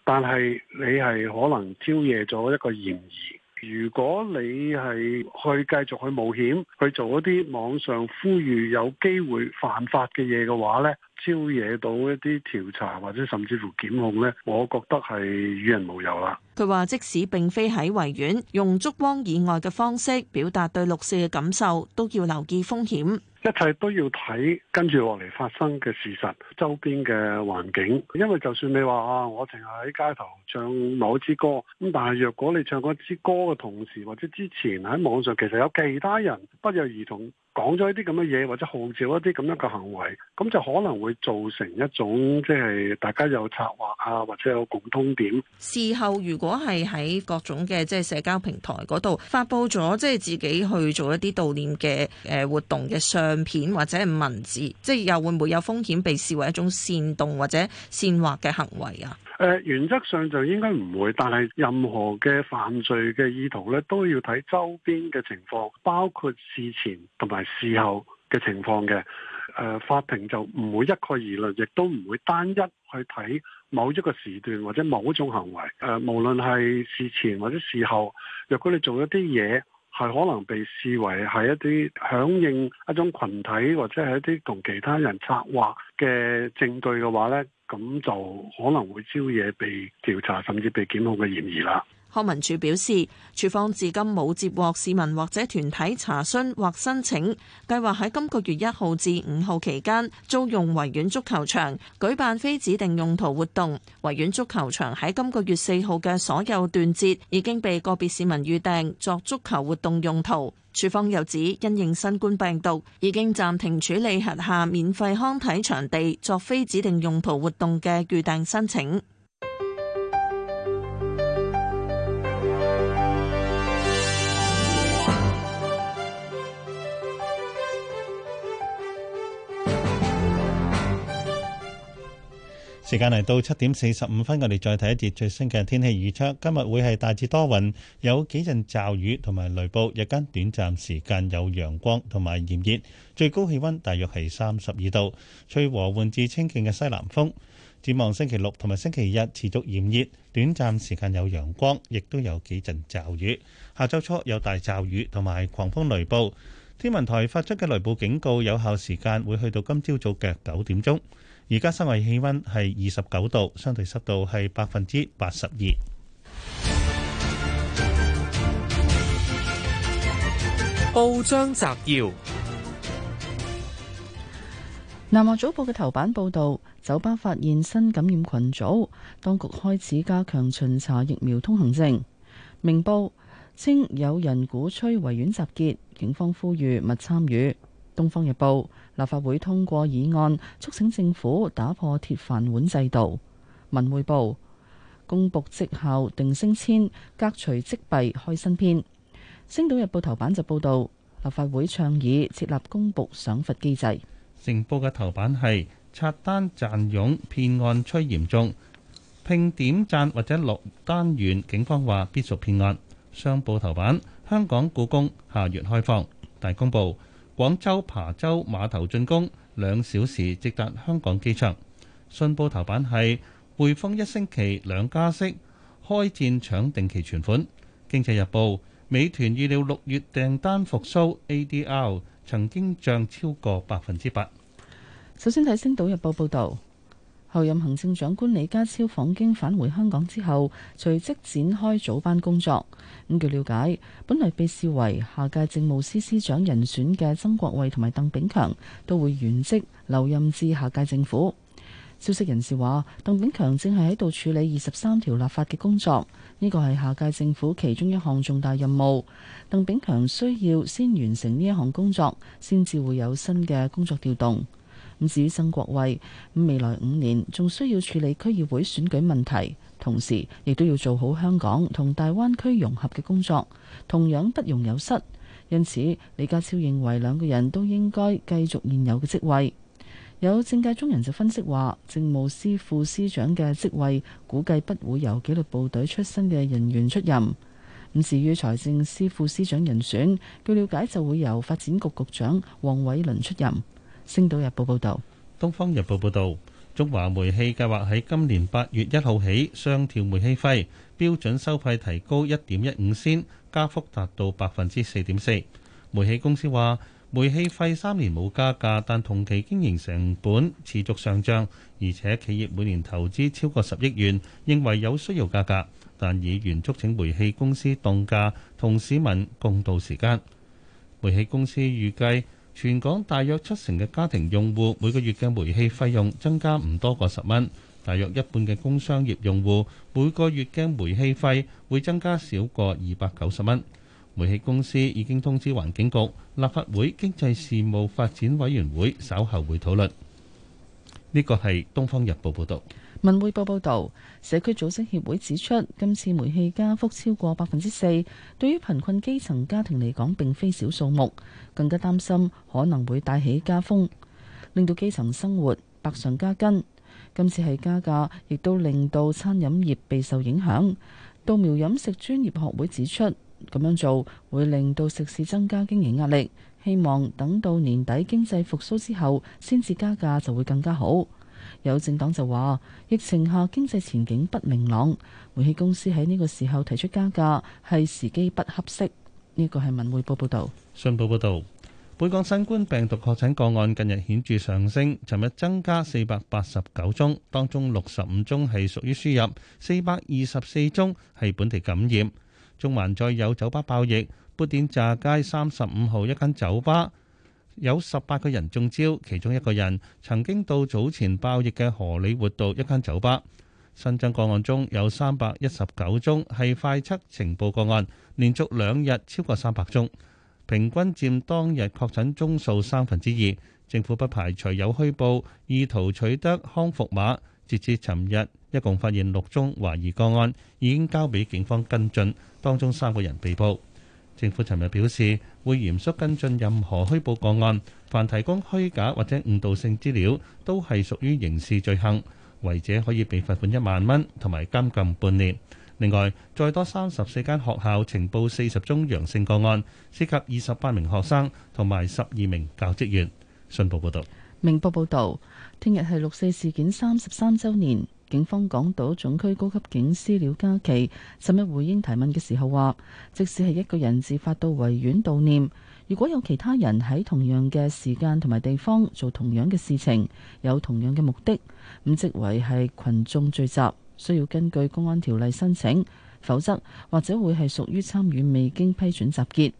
但係你係可能招惹咗一個嫌疑。如果你係去繼續去冒險去做一啲網上呼籲有機會犯法嘅嘢嘅話呢，招惹到一啲調查或者甚至乎檢控呢，我覺得係與人無尤啦。佢話：即使並非喺維園用燭光以外嘅方式表達對六四嘅感受，都要留意風險。一切都要睇跟住落嚟發生嘅事實，周邊嘅環境。因為就算你話啊，我淨係喺街頭唱某一支歌，咁但係若果你唱嗰支歌嘅同時，或者之前喺網上其實有其他人不約而同。講咗一啲咁嘅嘢，或者號召一啲咁樣嘅行為，咁就可能會造成一種即係大家有策劃啊，或者有共通點。事後如果係喺各種嘅即係社交平台嗰度發佈咗即係自己去做一啲悼念嘅誒活動嘅相片或者文字，即係又會唔會有風險被視為一種煽動或者煽惑嘅行為啊？呃、原則上就應該唔會，但係任何嘅犯罪嘅意圖咧，都要睇周邊嘅情況，包括事前同埋事後嘅情況嘅、呃。法庭就唔會一概而論，亦都唔會單一去睇某一個時段或者某一種行為。誒、呃、無論係事前或者事後，若果你做一啲嘢，係可能被視為係一啲響應一種群體，或者係一啲同其他人策劃嘅證據嘅話呢，咁就可能會招惹被調查，甚至被檢控嘅嫌疑啦。康文署表示，處方至今冇接獲市民或者團體查詢或申請，計劃喺今個月一號至五號期間租用維園足球場舉辦非指定用途活動。維園足球場喺今個月四號嘅所有段節已經被個別市民預訂作足球活動用途。處方又指，因應新冠病毒，已經暫停處理轄下免費康體場地作非指定用途活動嘅預訂申請。時間嚟到七點四十五分，我哋再睇一節最新嘅天氣預測。今日會係大致多雲，有幾陣驟雨同埋雷暴，日間短暫時間有陽光同埋炎熱，最高氣温大約係三十二度，吹和緩至清勁嘅西南風。展望星期六同埋星期日持續炎熱，短暫時間有陽光，亦都有幾陣驟雨。下週初有大驟雨同埋狂風雷暴，天文台發出嘅雷暴警告有效時間會去到今朝早嘅九點鐘。而家室外氣溫係二十九度，相對濕度係百分之八十二。報章摘要：南華早報嘅頭版報道，酒吧發現新感染群組，當局開始加強巡查疫苗通行證。明報稱有人鼓吹維園集結，警方呼籲勿參與。《東方日報》立法會通過議案，促請政府打破鐵飯碗制度。《文匯報》公僕績效定升遷，革除積弊開新篇。《星島日報》頭版就報道，立法會倡議設立公僕賞罰機制。《成報》嘅頭版係刷單賺佣騙案趨嚴重，拼點讚或者落單員，警方話必屬騙案。《商報》頭版：香港故宮下月開放。《大公報》廣州琶洲碼頭進攻，兩小時直達香港機場。信報頭版係匯豐一星期兩加息，開戰搶定期存款。經濟日報：美團預料六月訂單復甦，ADR 曾經漲超過百分之八。首先睇《星島日報》報導。後任行政長官李家超訪京返回香港之後，隨即展開組班工作。咁據了解，本來被視為下屆政務司司長人選嘅曾國衛同埋鄧炳強都會原職留任至下屆政府。消息人士話，鄧炳強正係喺度處理二十三條立法嘅工作，呢個係下屆政府其中一項重大任務。鄧炳強需要先完成呢一項工作，先至會有新嘅工作調動。咁至於曾國衛，未來五年仲需要處理區議會選舉問題，同時亦都要做好香港同大灣區融合嘅工作，同樣不容有失。因此，李家超認為兩個人都應該繼續現有嘅職位。有政界中人就分析話，政務司副司長嘅職位，估計不會由紀律部隊出身嘅人員出任。咁至於財政司副司長人選，據了解就會由發展局局長黃偉綸出任。《星島日報》報道，《東方日報》報道，中華煤氣計劃喺今年八月一號起上調煤氣費，標準收費提高一點一五仙，加幅達到百分之四點四。煤氣公司話，煤氣費三年冇加價，但同期經營成本持續上漲，而且企業每年投資超過十億元，認為有需要加價，但議員促請煤氣公司凍價，同市民共度時間。煤氣公司預計。全港大約七成嘅家庭用戶每個月嘅煤氣費用增加唔多過十蚊，大約一半嘅工商業用戶每個月嘅煤氣費會增加少過二百九十蚊。煤氣公司已經通知環境局、立法會經濟事務發展委員會，稍後會討論。呢個係《東方日報》報導。文匯報報道，社區組織協會指出，今次煤氣加幅超過百分之四，對於貧困基層家庭嚟講，並非小數目。更加擔心可能會帶起加風，令到基層生活百上加斤。今次係加價，亦都令到餐飲業備受影響。稻苗飲食專業學會指出，咁樣做會令到食肆增加經營壓力。希望等到年底經濟復甦之後，先至加價就會更加好。有政黨就話，疫情下經濟前景不明朗，煤氣公司喺呢個時候提出加價係時機不合適。呢、這個係文匯報報導，信報報導，本港新冠病毒確診個案近日顯著上升，尋日增加四百八十九宗，當中六十五宗係屬於輸入，四百二十四宗係本地感染。中環再有酒吧爆疫，砵甸乍街三十五號一間酒吧。有十八個人中招，其中一個人曾經到早前爆疫嘅荷里活道一間酒吧。新增個案中有三百一十九宗係快測呈報個案，連續兩日超過三百宗，平均佔當日確診宗數三分之二。3，政府不排除有虛報，意圖取得康復碼。截至尋日，一共發現六宗懷疑個案，已經交俾警方跟進，當中三個人被捕。政府尋日表示，會嚴肅跟進任何虛報個案，凡提供虛假或者誤導性資料都係屬於刑事罪行，違者可以被罰款一萬蚊，同埋監禁半年。另外，再多三十四間學校呈報四十宗陽性個案，涉及二十八名學生同埋十二名教職員。信報報道，明報報道，聽日係六四事件三十三週年。警方港島總區高級警司廖家琪尋日回應提問嘅時候話：即使係一個人自發到維園悼念，如果有其他人喺同樣嘅時間同埋地方做同樣嘅事情，有同樣嘅目的，咁即為係群眾聚集，需要根據公安條例申請，否則或者會係屬於參與未經批准集結。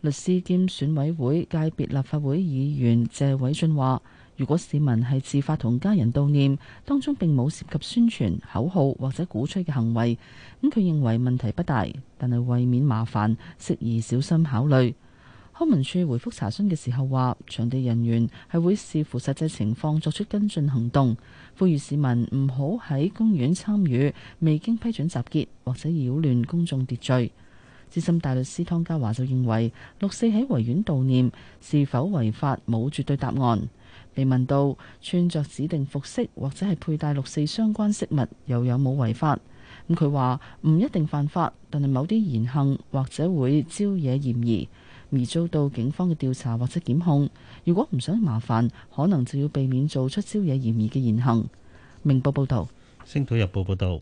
律師兼選委會界別立法會議員謝偉俊話。如果市民係自發同家人悼念，當中並冇涉及宣傳口號或者鼓吹嘅行為，咁佢認為問題不大，但係為免麻煩，適宜小心考慮。康文署回覆查詢嘅時候話，場地人員係會視乎實際情況作出跟進行動，呼籲市民唔好喺公園參與未經批准集結或者擾亂公眾秩序。資深大律師湯家驊就認為，六四喺維園悼念是否違法，冇絕對答案。被問到穿著指定服飾或者係佩戴六四相關飾物又有冇違法？咁佢話唔一定犯法，但係某啲言行或者會招惹嫌疑，而遭到警方嘅調查或者檢控。如果唔想麻煩，可能就要避免做出招惹嫌疑嘅言行。明報報導，《星島日報》報導，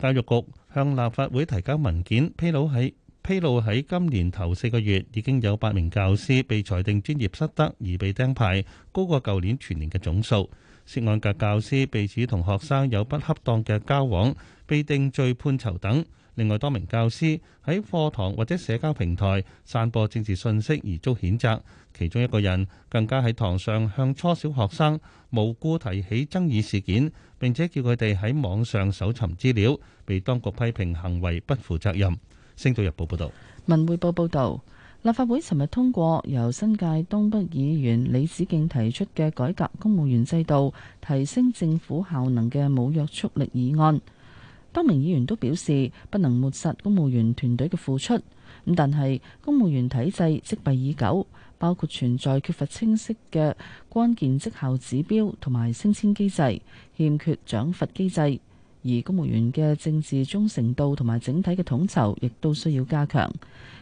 教育局向立法會提交文件，披露喺。披露喺今年頭四個月已經有八名教師被裁定專業失德而被釘牌，高過舊年全年嘅總數。涉案嘅教師被指同學生有不恰當嘅交往，被定罪判囚等。另外多名教師喺課堂或者社交平台散播政治信息而遭譴責，其中一個人更加喺堂上向初小學生無故提起爭議事件，並且叫佢哋喺網上搜尋資料，被當局批評行為不負責任。星島日報報道，文匯報報道，立法會尋日通過由新界東北議員李子敬提出嘅改革公務員制度、提升政府效能嘅冇約束力議案。多名議員都表示，不能抹殺公務員團隊嘅付出。咁但係公務員體制積弊已久，包括存在缺乏清晰嘅關鍵績效指標同埋升遷機制，欠缺獎罰機制。而公務員嘅政治忠誠度同埋整體嘅統籌，亦都需要加強。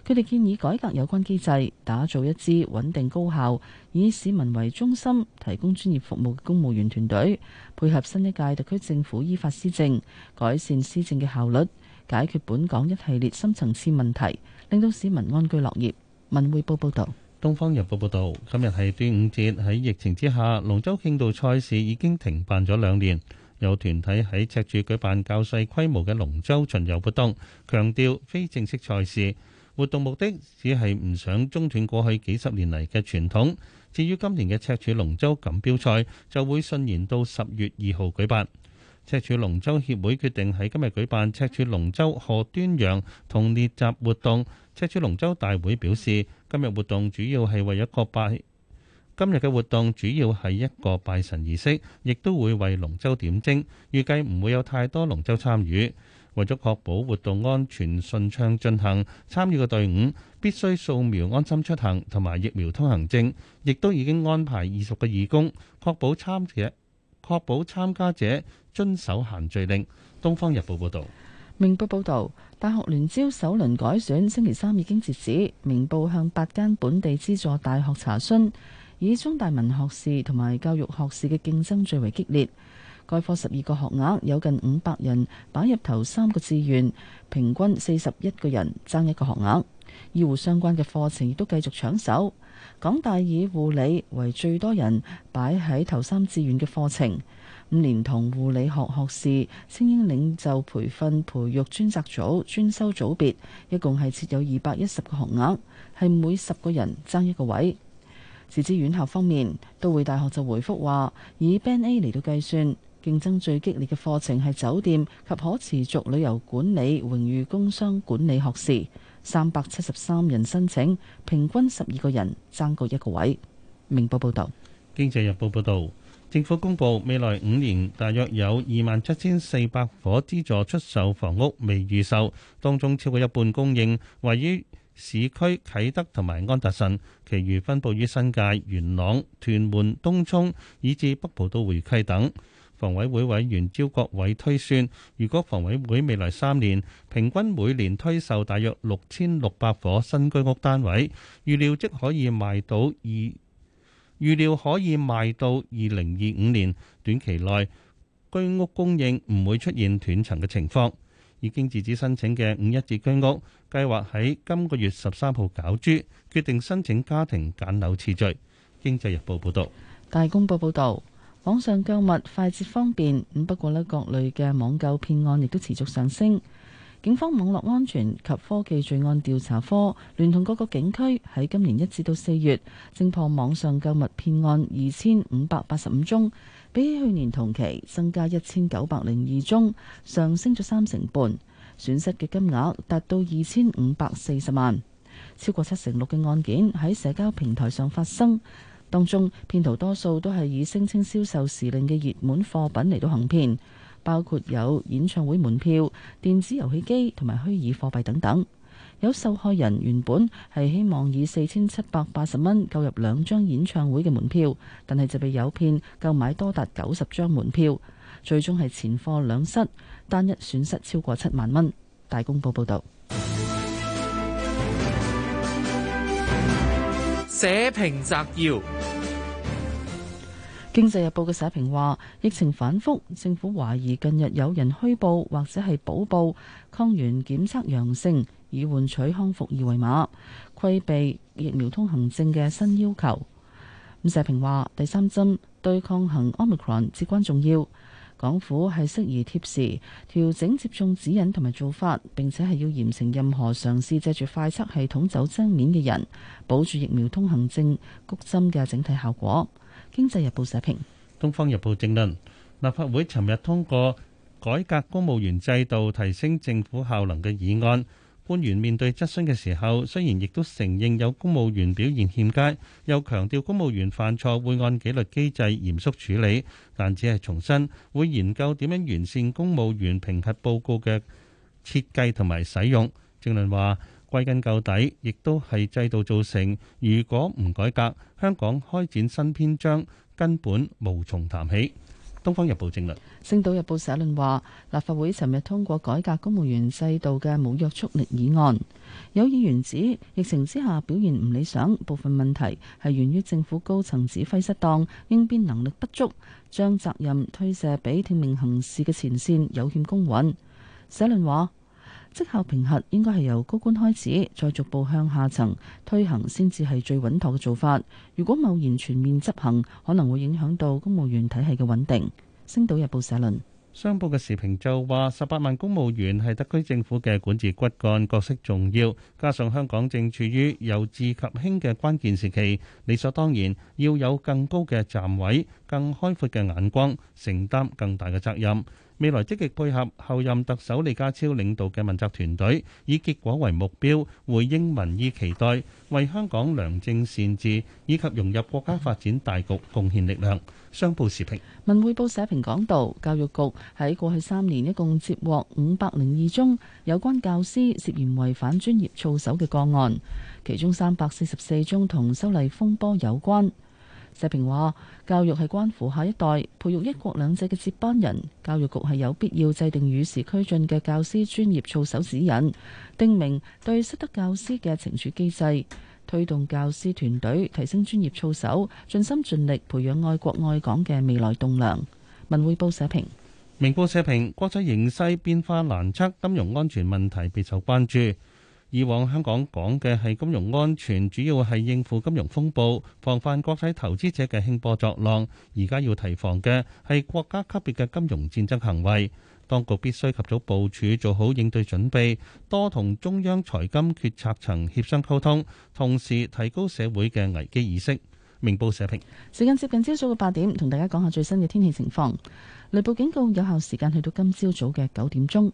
佢哋建議改革有關機制，打造一支穩定高效、以市民為中心、提供專業服務嘅公務員團隊，配合新一屆特區政府依法施政，改善施政嘅效率，解決本港一系列深層次問題，令到市民安居樂業。文匯報報道。《東方日報》報道，今日係端午節，喺疫情之下，龍舟競渡賽事已經停辦咗兩年。有團體喺赤柱舉辦較細規模嘅龍舟巡遊活動，強調非正式賽事，活動目的只係唔想中斷過去幾十年嚟嘅傳統。至於今年嘅赤柱龍舟錦標賽，就會順延到十月二號舉辦。赤柱龍舟協會決定喺今日舉辦赤柱龍舟賀端陽同列集活動。赤柱龍舟大會表示，今日活動主要係為一個拜。今日嘅活動主要係一個拜神儀式，亦都會為龍舟點睛。預計唔會有太多龍舟參與。為咗確保活動安全順暢進行，參與嘅隊伍必須掃描安心出行同埋疫苗通行證，亦都已經安排二十個義工確保參者確保參加者遵守限聚令。《東方日報》報道，《明報》報道大學聯招首輪改選星期三已經截止。明報向八間本地資助大學查詢。以中大文學士同埋教育學士嘅競爭最為激烈，該科十二個學額有近五百人擺入頭三個志願，平均四十一個人爭一個學額。醫護相關嘅課程亦都繼續搶手，港大以護理為最多人擺喺頭三志願嘅課程。連同護理學學士、精英領袖培訓培育專責組專修組別一共係設有二百一十個學額，係每十個人爭一個位。自資院校方面，都會大學就回覆話：以 Band A 嚟到計算，競爭最激烈嘅課程係酒店及可持續旅遊管理榮譽工商管理學士，三百七十三人申請，平均十二個人爭過一個位。明報報道。《經濟日報》報道，政府公布未來五年大約有二萬七千四百伙資助出售房屋未預售，當中超過一半供應位於市區啟德同埋安達臣，其餘分布於新界元朗、屯門、東涌以至北部都會區等。房委會委員招國偉推算，如果房委會未來三年平均每年推售大約六千六百伙新居屋單位，預料即可以賣到二，預料可以賣到二零二五年，短期內居屋供應唔會出現斷層嘅情況。已經截止申請嘅五一節居屋計劃喺今個月十三號攪珠，決定申請家庭揀樓次序。經濟日報報導，大公報報導，網上購物快捷方便，咁不過呢，各類嘅網購騙案亦都持續上升。警方網絡安全及科技罪案調查科聯同各個警區喺今年一至到四月，偵破網上購物騙案二千五百八十五宗。比去年同期，增加一千九百零二宗，上升咗三成半，損失嘅金額達到二千五百四十萬，超過七成六嘅案件喺社交平台上發生，當中騙徒多數都係以聲稱銷售時令嘅熱門貨品嚟到行騙，包括有演唱會門票、電子遊戲機同埋虛擬貨幣等等。有受害人原本係希望以四千七百八十蚊購入兩張演唱會嘅門票，但係就被誘騙購買多達九十張門票，最終係錢貨兩失，單一損失超過七萬蚊。大公報報道。社評摘要：經濟日報嘅社評話，疫情反覆，政府懷疑近日有人虛報或者係補報抗原檢測陽性。以換取康復二維碼，規避疫苗通行證嘅新要求。咁社評話：第三針對抗衡 Omicron，至關重要。港府係適宜貼時調整接種指引同埋做法，並且係要嚴懲任何嘗試借住快測系統走精面嘅人，保住疫苗通行證谷針嘅整體效果。經濟日報社評，《東方日報》政論立法會尋日通過改革公務員制度，提升政府效能嘅議案。官員面對質詢嘅時候，雖然亦都承認有公務員表現欠佳，又強調公務員犯錯會按紀律機制嚴肅處理，但只係重申會研究點樣完善公務員評核報告嘅設計同埋使用。正論話：歸根究底，亦都係制度造成，如果唔改革，香港開展新篇章根本無從談起。《東方日報》政論，《星島日報》社論話，立法會尋日通過改革公務員制度嘅《冇約束力》議案，有議員指疫情之下表現唔理想，部分問題係源於政府高層指揮失當、應變能力不足，將責任推卸俾聽命行事嘅前線，有欠公允。社論話。績效評核應該係由高官開始，再逐步向下層推行，先至係最穩妥嘅做法。如果貿然全面執行，可能會影響到公務員體系嘅穩定。星島日報社論，商報嘅時評就話：十八萬公務員係特區政府嘅管治骨幹，角色重要。加上香港正處於由治及興嘅關鍵時期，理所當然要有更高嘅站位、更開闊嘅眼光，承擔更大嘅責任。未來積極配合後任特首李家超領導嘅問責團隊，以結果為目標，回應民意期待，為香港良政善治以及融入國家發展大局貢獻力量。商報時評，文匯報社評講道：教育局喺過去三年一共接獲五百零二宗有關教師涉嫌違反專業操守嘅個案，其中三百四十四宗同修例風波有關。社評話：教育係關乎下一代，培育一國兩制嘅接班人。教育局係有必要制定與時俱進嘅教師專業操守指引，定明對失德教師嘅懲處機制，推動教師團隊提升專業操守，盡心盡力培養愛國愛港嘅未來棟樑。文匯報社評，明報社評，國際形勢變化難測，金融安全問題備受關注。以往香港講嘅係金融安全，主要係應付金融風暴、防範國際投資者嘅興波作浪。而家要提防嘅係國家級別嘅金融戰爭行為，當局必須及早部署，做好應對準備，多同中央財金決策層協商溝通，同時提高社會嘅危機意識。明報社評。時間接近朝早嘅八點，同大家講下最新嘅天氣情況。雷暴警告有效時間去到今朝早嘅九點鐘。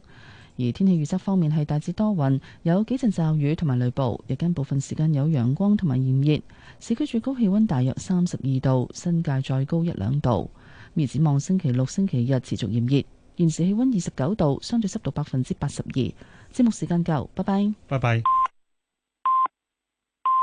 而天氣預測方面係大致多雲，有幾陣驟雨同埋雷暴，日間部分時間有陽光同埋炎熱。市區最高氣温大約三十二度，新界再高一兩度。而展望星期六、星期日持續炎熱。現時氣温二十九度，相對濕度百分之八十二。節目時間夠，拜拜。拜拜。